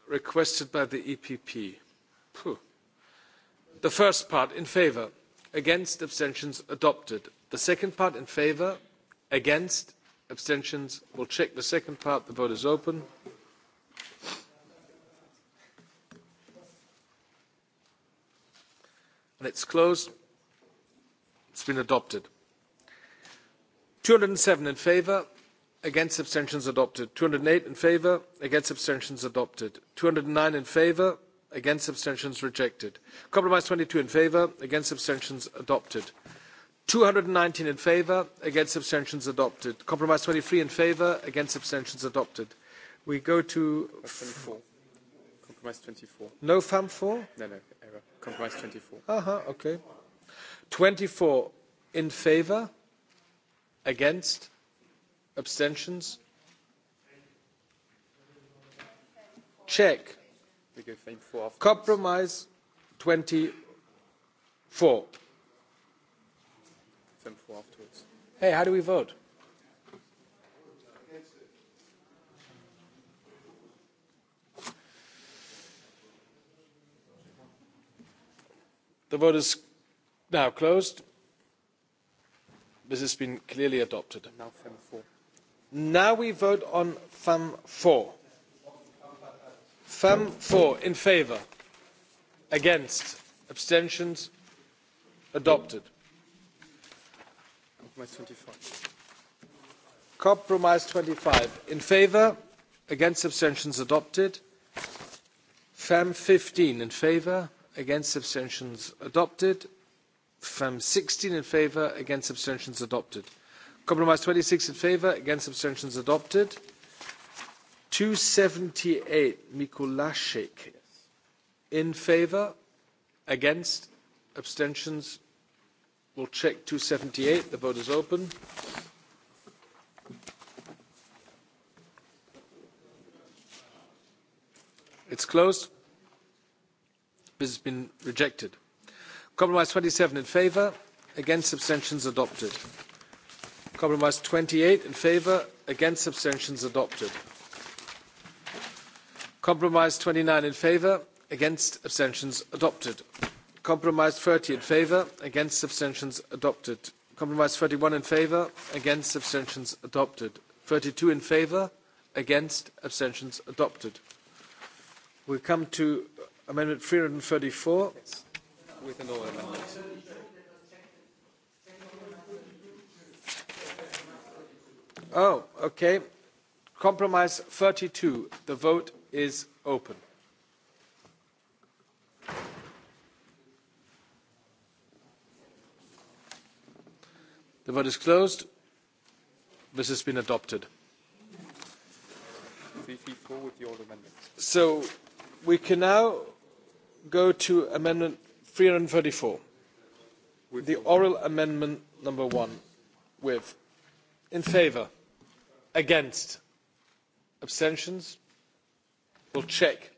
requested by the epp the first part in favour, against abstentions adopted the second part in favour? against abstentions we'll check the second part the vote is open and it's closed it's been adopted 207 in favor against abstentions adopted 208 in favor against abstentions adopted 209 in favor against abstentions rejected compromise 22 in favor against abstentions adopted 219 in favor against abstentions adopted compromise 23 in favor against abstentions adopted we go to compromise 24 no fam 4 no no error compromise 24 four. uh -huh, okay twenty four in favour against abstentions check compromise twenty four hey how do we vote the vote is Now closed. This has been clearly adopted. Now FEM 4. Now we vote on FEM 4. FEM 4 in favour. Against. Abstentions. Adopted. Compromise 25. Compromise 25. In favour. Against. Abstentions. Adopted. FEM 15. In favour. Against. Abstentions. Adopted. FAM sixteen in favor against abstentions adopted compromise 26 in favor against abstentions adopted 278 mikulášek in favor against abstentions we'll check 278 the vote is open it's closed this has been rejected compromise twenty seven in favour against abstentions adopted compromise twenty eight in favour against abstentions adopted compromise twenty nine in favour against abstentions adopted compromise thirty in favour against abstentions adopted compromise thirty one in favour against abstentions adopted thirty two in favour against abstentions adopted we come to amendment three hundred and thirty four with an oil amendment. Oh, okay. Compromise 32. The vote is open. The vote is closed. This has been adopted. So we can now go to amendment 334. the oral amendment number one with in favor? against abstentions we'll check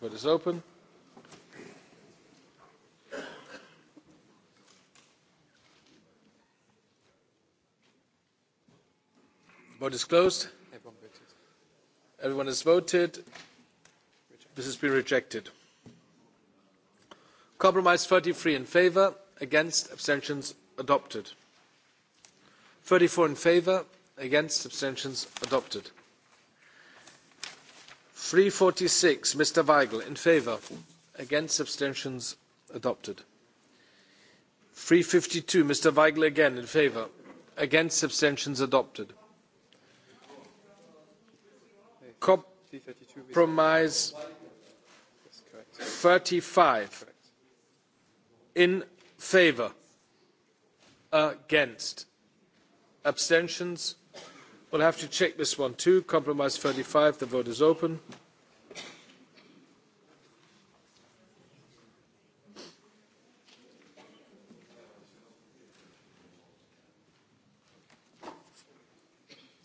vote is open vote is closed everyone has voted this has been rejected compromise thirty three in favour against abstentions adopted thirty four in favour against abstentions adopted three forty six mr Weigel in favour against abstentions adopted three fifty two mr Weigel again in favour against abstentions adopted compromise thirty five in favour against abstentions we'll have to check this one too compromise thirty five the vote is open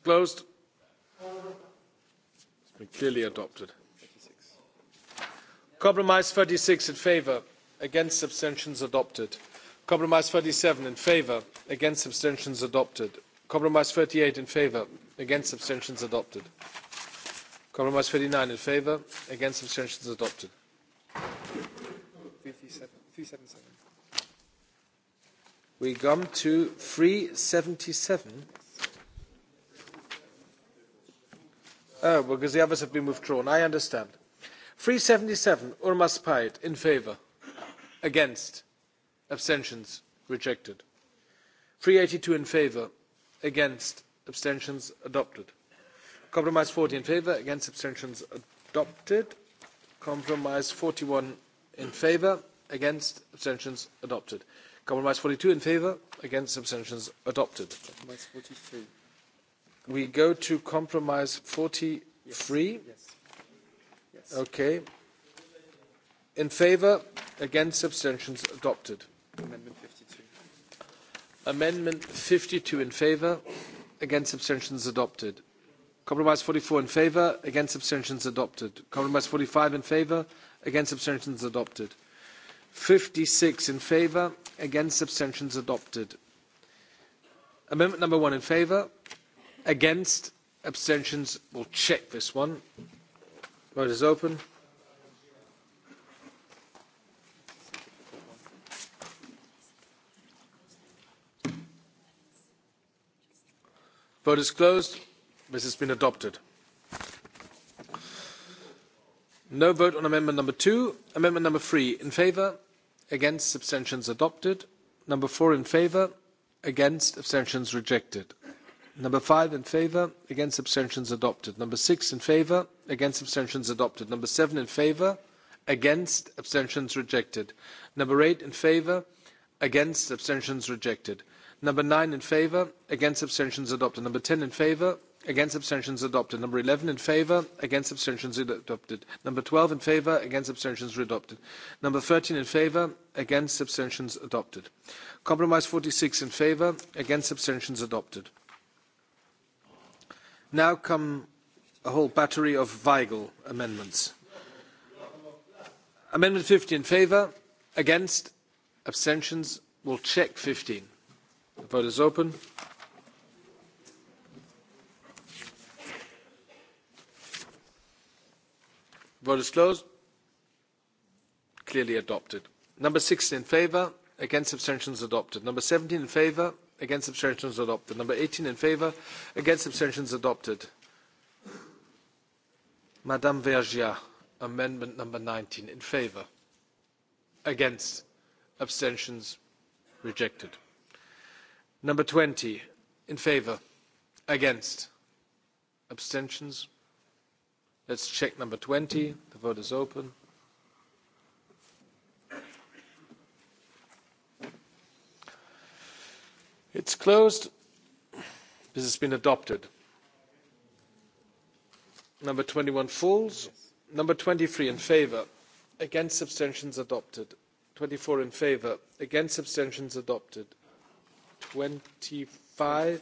closed it's been clearly adopted compromise thirty six in favour against abstentions adopted compromise 37 in favor against abstentions adopted compromise 38 in favor against abstentions adopted compromise 39 in favor against abstentions adopted we come to 377 oh because the others have been withdrawn i understand 377 urmas Pait, in favor against abstentions rejected three eighty two in favor against abstentions adopted compromise forty in favour, against abstentions adopted compromise forty one in favor against abstentions adopted compromise forty two in favor against abstentions adopted compromise 43 we go to compromise forty three. yes. okay in favour, against abstentions adopted amendment 52 amendment 52 in favour? against abstentions adopted compromise 44 in favour? against abstentions adopted compromise 45 in favour? against abstentions adopted 56 in favour? against abstentions adopted amendment number one in favour? against abstentions we'll check this one vote is open vote is closed this has been adopted no vote on amendment number two amendment number three in favour against abstentions adopted number four in favour against abstentions rejected number five in favour against abstentions adopted number six in favour against abstentions adopted number seven in favour against abstentions rejected number eight in favour against abstentions rejected number nine in favor against abstentions adopted number 10 in favor against abstentions adopted number 11 in favor against abstentions adopted number 12 in favor against abstentions adopted number 13 in favor against abstentions adopted compromise 46 in favor against abstentions adopted now come a whole battery of weigel amendments amendment 50 in favor against abstentions we'll check 15 Vote is open. Vote is closed. Clearly adopted. Number 16 in favour. Against abstentions adopted. Number 17 in favour. Against abstentions adopted. Number 18 in favour. Against abstentions adopted. Madame Vergia, amendment number 19 in favour. Against abstentions rejected. Number 20 in favor against abstentions. Let's check number 20. The vote is open. It's closed. This has been adopted. Number 21 falls. Number 23 in favor against abstentions adopted. 24 in favor against abstentions adopted twenty five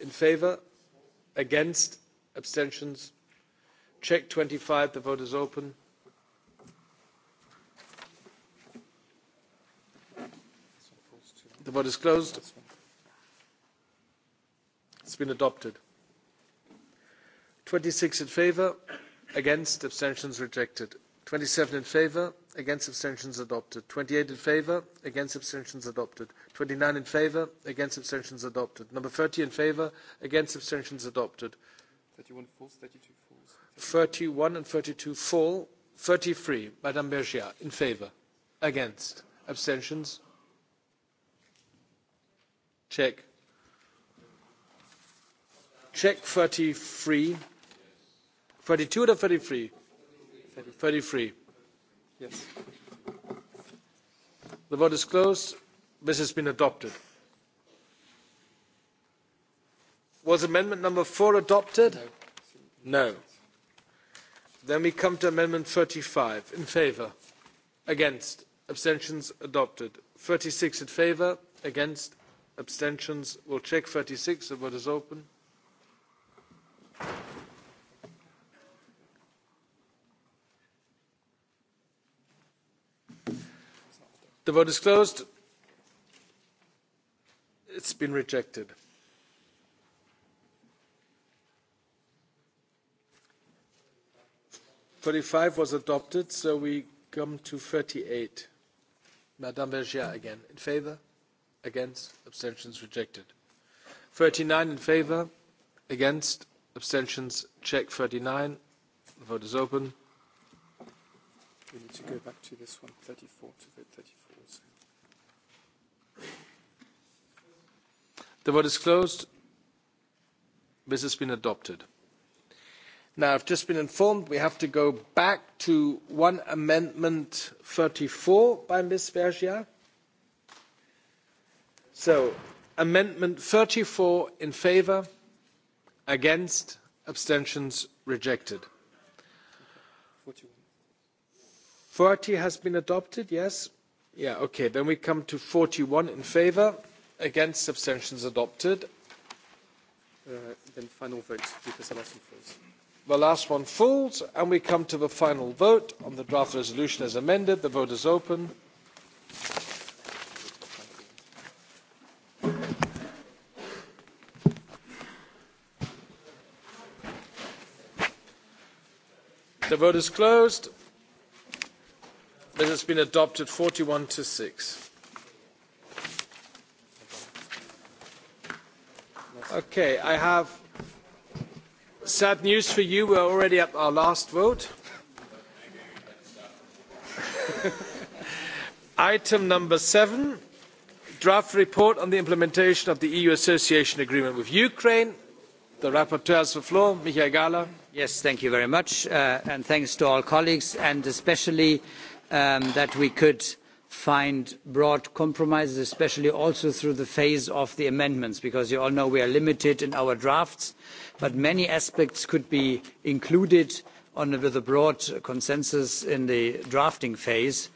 in favor against abstentions check twenty five the vote is open the vote is closed it's been adopted twenty six in favor against abstentions rejected twenty seven in favor against abstentions adopted. 28 in favour, against abstentions adopted. 29 in favour, against abstentions adopted. Number 30 in favour, against abstentions adopted. 31 falls, 32 falls. 31 and 32 fall. 33, Madame Bergier, in favour. Against. Abstentions. Check. Check 33. 32 or 33. 33. Yes. The vote is closed. This has been adopted. Was amendment number four adopted? No. no. Then we come to amendment 35. In favor Against? Abstentions adopted. 36 in favor Against? Abstentions? We'll check 36. The vote is open. The vote is closed. It's been rejected. Thirty five was adopted, so we come to thirty eight. Madame Vergiat again. In favor? Against? Abstentions rejected. Thirty nine in favor? Against? Abstentions check thirty nine. The vote is open. We need to go back to this one, thirty four to vote The vote is closed. This has been adopted. Now, I've just been informed we have to go back to one amendment 34 by Ms. Vergia. So, amendment 34 in favour, against, abstentions rejected. 40 has been adopted, yes? Yeah, okay. Then we come to 41 in favour against abstentions adopted final vote the last one falls and we come to the final vote on the draft resolution as amended the vote is open the vote is closed It has been adopted forty one to six Okay, I have sad news for you. are already at our last vote. Item number seven, draft report on the implementation of the EU Association Agreement with Ukraine. The rapporteur has the floor, Michael Gala. Yes, thank you very much, uh, and thanks to all colleagues, and especially um, that we could find broad compromises, especially also through the phase of the amendments, because you all know we are limited in our drafts, but many aspects could be included with a broad consensus in the drafting phase.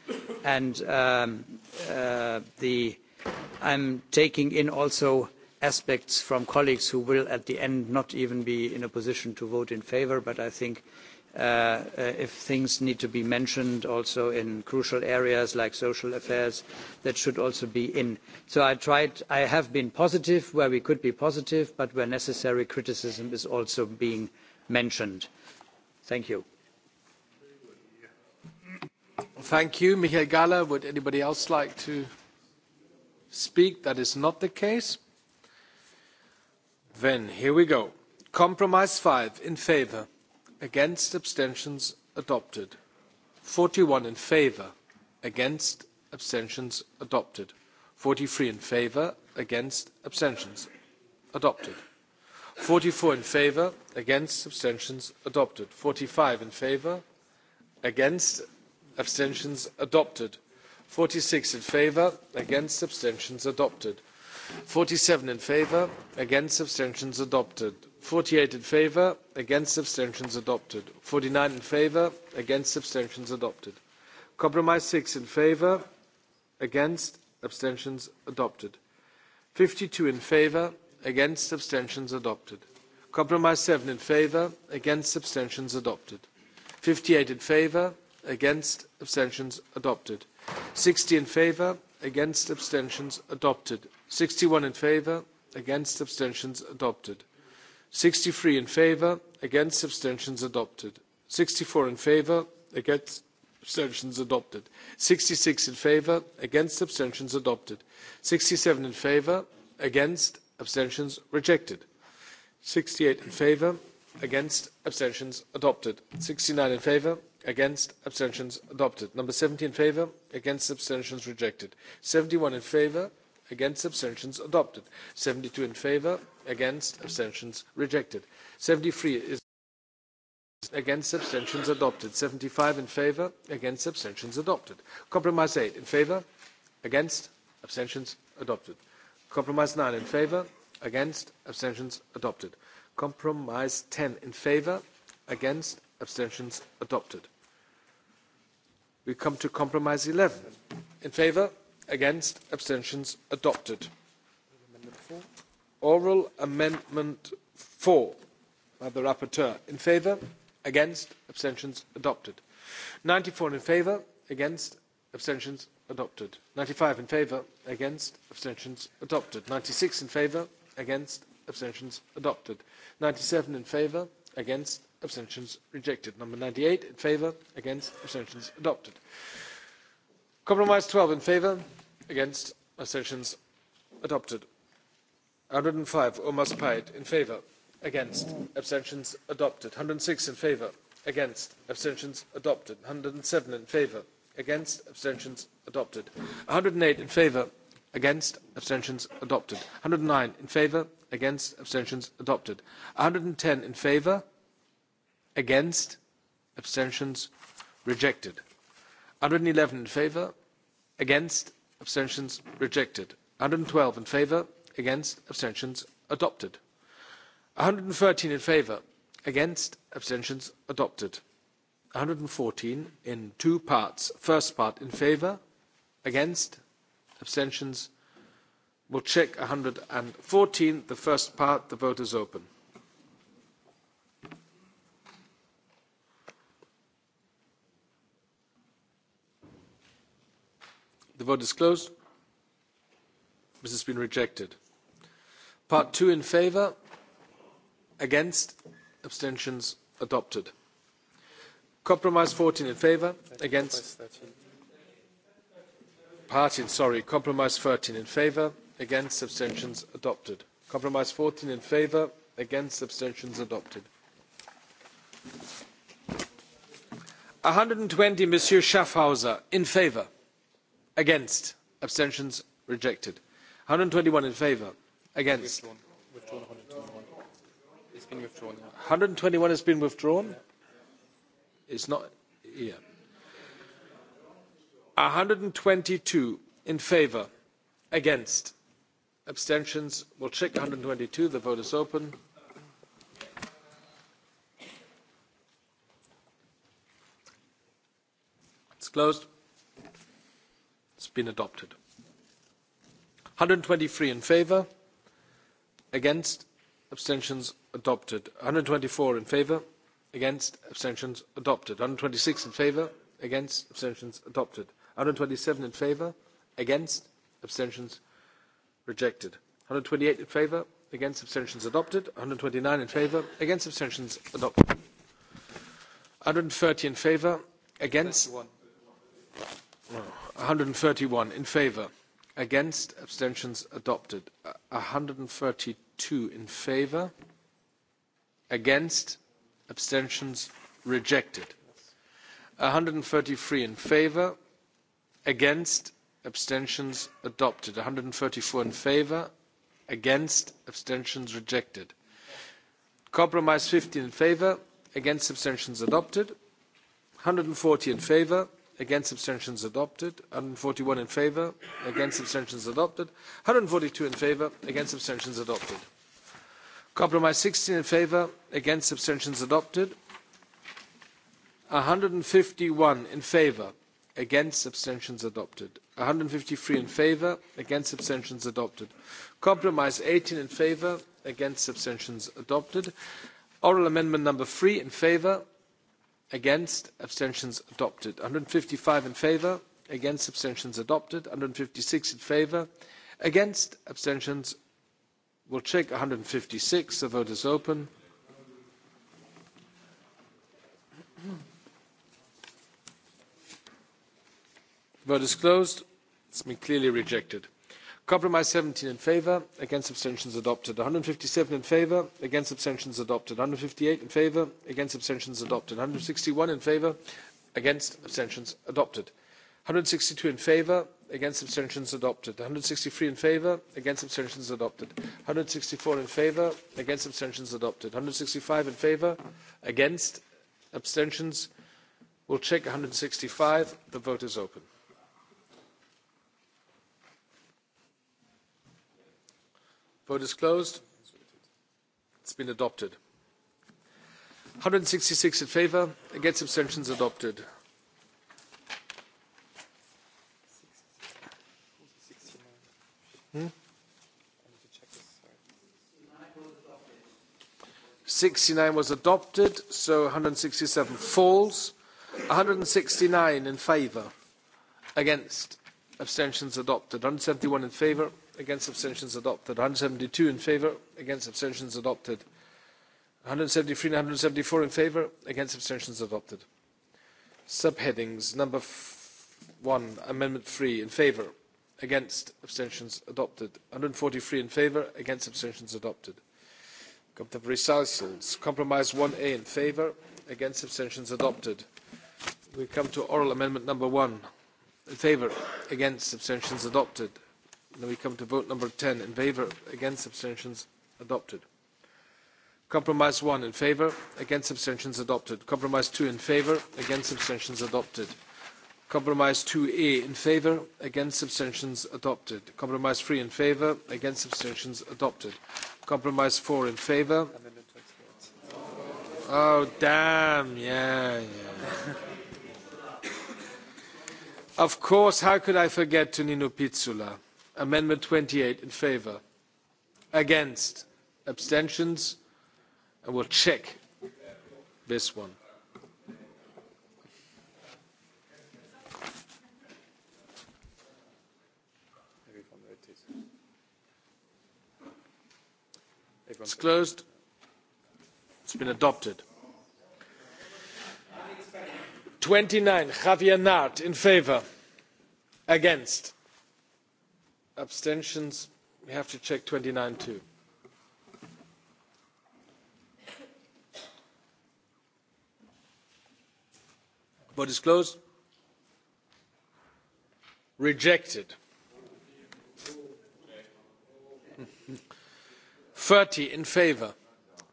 And I um, uh, I'm taking in also aspects from colleagues who will at the end not even be in a position to vote in favor, but I think Uh, uh, if things need to be mentioned also in crucial areas like social affairs that should also be in so i tried i have been positive where we could be positive but where necessary criticism is also being mentioned thank you thank you michael gahler would anybody else like to speak that is not the case then here we go compromise five in favour against abstentions adopted Forty one in favor against abstentions adopted Forty three in favor against abstentions adopted Forty four in favor against abstentions adopted Forty five in favor against abstentions adopted Forty six in favor against abstentions adopted Forty seven in favour. against abstentions adopted forty eight in favour against abstentions adopted forty nine in favour against abstentions adopted compromise six in favour against abstentions adopted fifty two in favour against abstentions adopted compromise seven in favour against abstentions adopted fifty eight in favour against abstentions adopted sixty in favour against abstentions adopted sixty one in favour against abstentions adopted sixty three in favour against abstentions adopted sixty four in favour against abstentions adopted sixty six in favour against abstentions adopted sixty seven in favour against abstentions rejected sixty eight in favour against abstentions adopted sixty nine in favour against abstentions adopted number seventy in favour against abstentions rejected seventy one in favour against abstentions adopted Seventy two in favor against abstentions rejected three is against abstentions adopted Seventy five in favor against abstentions adopted compromise eight. in favor against abstentions adopted compromise nine in favor against abstentions adopted compromise ten in favor against abstentions adopted we come to compromise eleven. in favor against abstentions adopted oral amendment four by the rapporteur in favour against abstentions adopted ninety four in favour against abstentions adopted ninety five in favour against abstentions adopted ninety six in favour against abstentions adopted ninety seven in favour against abstentions rejected number ninety eight in favour against abstentions adopted compromise twelve in favour against abstentions adopted one hundred and five omar in favour against abstentions adopted one hundred and six in favour against abstentions adopted one hundred and seven in favour against abstentions adopted one hundred and eight in favour against abstentions adopted one hundred and nine in favour against abstentions adopted one hundred and ten in favour against abstentions rejected one hundred and eleven in favour against abstentions rejected 112 in favour, against abstentions adopted 113 in favour, against abstentions adopted 114 in two parts first part in favour. against abstentions we'll check 114 the first part the vote is open The vote is closed. This has been rejected. Part two in favour. Against. Abstentions adopted. Compromise 14 in favor, Against. Party, sorry. Compromise 13 in favour. Against. Abstentions adopted. Compromise 14 in favour. Against. Abstentions adopted. 120, Monsieur Schaffhauser. In favour against abstentions rejected 121 in favor against one Withdrawn 121. It's been withdrawn, has been withdrawn it's not here. 122 in favor against abstentions we'll check 122 the vote is open it's closed been adopted. one hundred and twenty three in favour against abstentions adopted one hundred and twenty four in favour against abstentions adopted one hundred and twenty six in favour against abstentions adopted one hundred and twenty seven in favour against abstentions rejected one hundred and twenty eight in favour against abstentions adopted one hundred and twenty nine in favour against abstentions adopted one hundred and thirty in favour against 131 in favor against abstentions adopted 132 in favor against abstentions rejected 133 in favor against abstentions adopted 134 in favor against abstentions rejected compromise 15 in favor against abstentions adopted 140 in favor against abstentions adopted one in favor against abstentions adopted 142 in favor against abstentions adopted compromise 16 in favor against abstentions adopted 151 in favor against abstentions adopted 153 in favor against abstentions adopted compromise 18 in favor against abstentions adopted oral amendment number three in favor against abstentions adopted One hundred and fifty five in favour, against abstentions adopted one hundred and fifty six in favour. against abstentions we'll check one hundred and fifty six. the vote is open vote is closed it's been clearly rejected Compromise seventeen in favour, against abstentions adopted. 157 in favour, against abstentions adopted. 158 in favour, against abstentions adopted. 161 in favour, against abstentions adopted. 162 in favour, against abstentions adopted. 163 in favour, against abstentions adopted. 164 in favour, against abstentions adopted. 165 in favour, against abstentions. We'll check 165. The vote is open. Vote is closed. It's been adopted. 166 in favor. Against abstentions adopted. 69 hmm? was adopted, so 167 falls. 169 in favour. Against. Abstentions adopted. 171 in favour against abstentions adopted 172 in favour? against abstentions adopted 173 and 174 in favour? against abstentions adopted subheadings number one amendment 3 in favour, against abstentions adopted 143 in favour, against abstentions adopted recitals compromise 1a in favour, against abstentions adopted we come to oral amendment number 1 in favour, against abstentions adopted Then we come to vote number 10 in favor, against abstentions adopted. Compromise 1 in favor, against abstentions adopted. Compromise 2 in favor, against abstentions adopted. Compromise 2A in favor, against abstentions adopted. Compromise 3 in favor, against abstentions adopted. Compromise 4 in favor. Oh, damn, yeah, yeah. of course, how could I forget Nino Pizzula? amendment twenty eight in favour against abstentions and will check this one it's closed it's been adopted 29, nine javier nart in favour against abstentions we have to check 29 too vote is closed rejected 30 in favor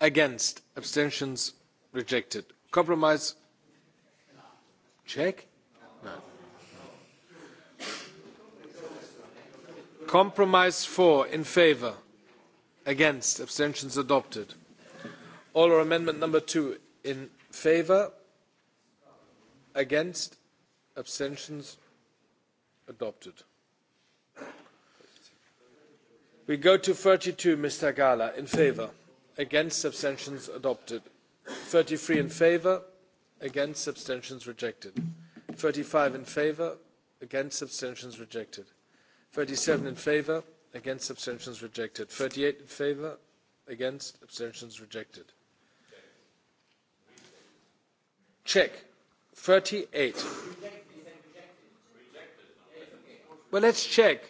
against abstentions rejected compromise check no Compromise four in favor. Against. Abstentions adopted. All or amendment number two in favor. Against. Abstentions adopted. We go to 32, Mr. Gala. In favor. Against. Abstentions adopted. 33 in favor. Against. Abstentions rejected. 35 in favor. Against. Abstentions rejected. 37 in favor against abstentions rejected 38 in favor against abstentions rejected check 38 well let's check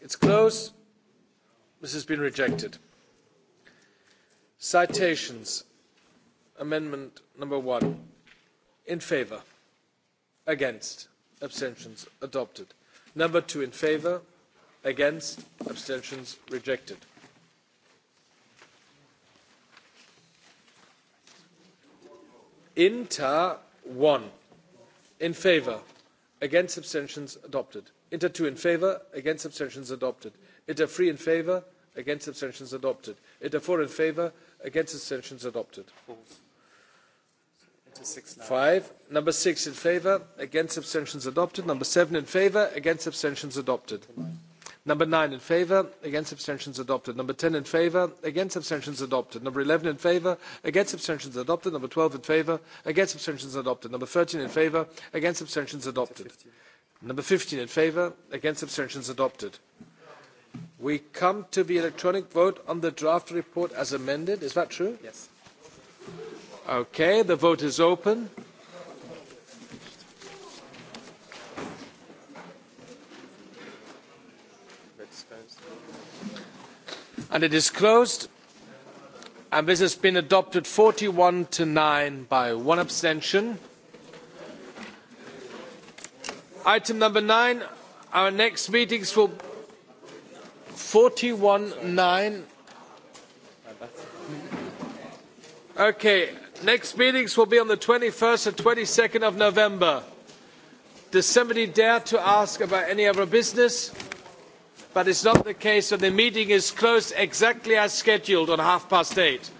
it's close. this has been rejected citations amendment number one in favour against abstentions adopted number two in favour against abstentions rejected Inter one in favour against abstentions adopted Inter two in favour against abstentions adopted Inter three in favour against abstentions adopted Inter four in favour against abstentions adopted Five. Number six in favour. Against abstentions adopted. Number seven in favour. Against abstentions adopted. Number nine in favour. Against abstentions adopted. Number ten in favour. Against abstentions adopted. Number eleven in favour. Against abstentions adopted. Number twelve in favour. Against abstentions adopted. Number thirteen in favour. Against abstentions adopted. Number fifteen in favour. Against abstentions adopted. We come to the electronic vote on the draft report as amended. Is that true? Yes. Okay, the vote is open. And it is closed. And this has been adopted 41 to 9 by one abstention. Item number 9, our next meetings will 41 9. Okay. Next meetings will be on the 21st and 22nd of November. Does somebody dare to ask about any other business? But it's not the case, so the meeting is closed exactly as scheduled on half past eight.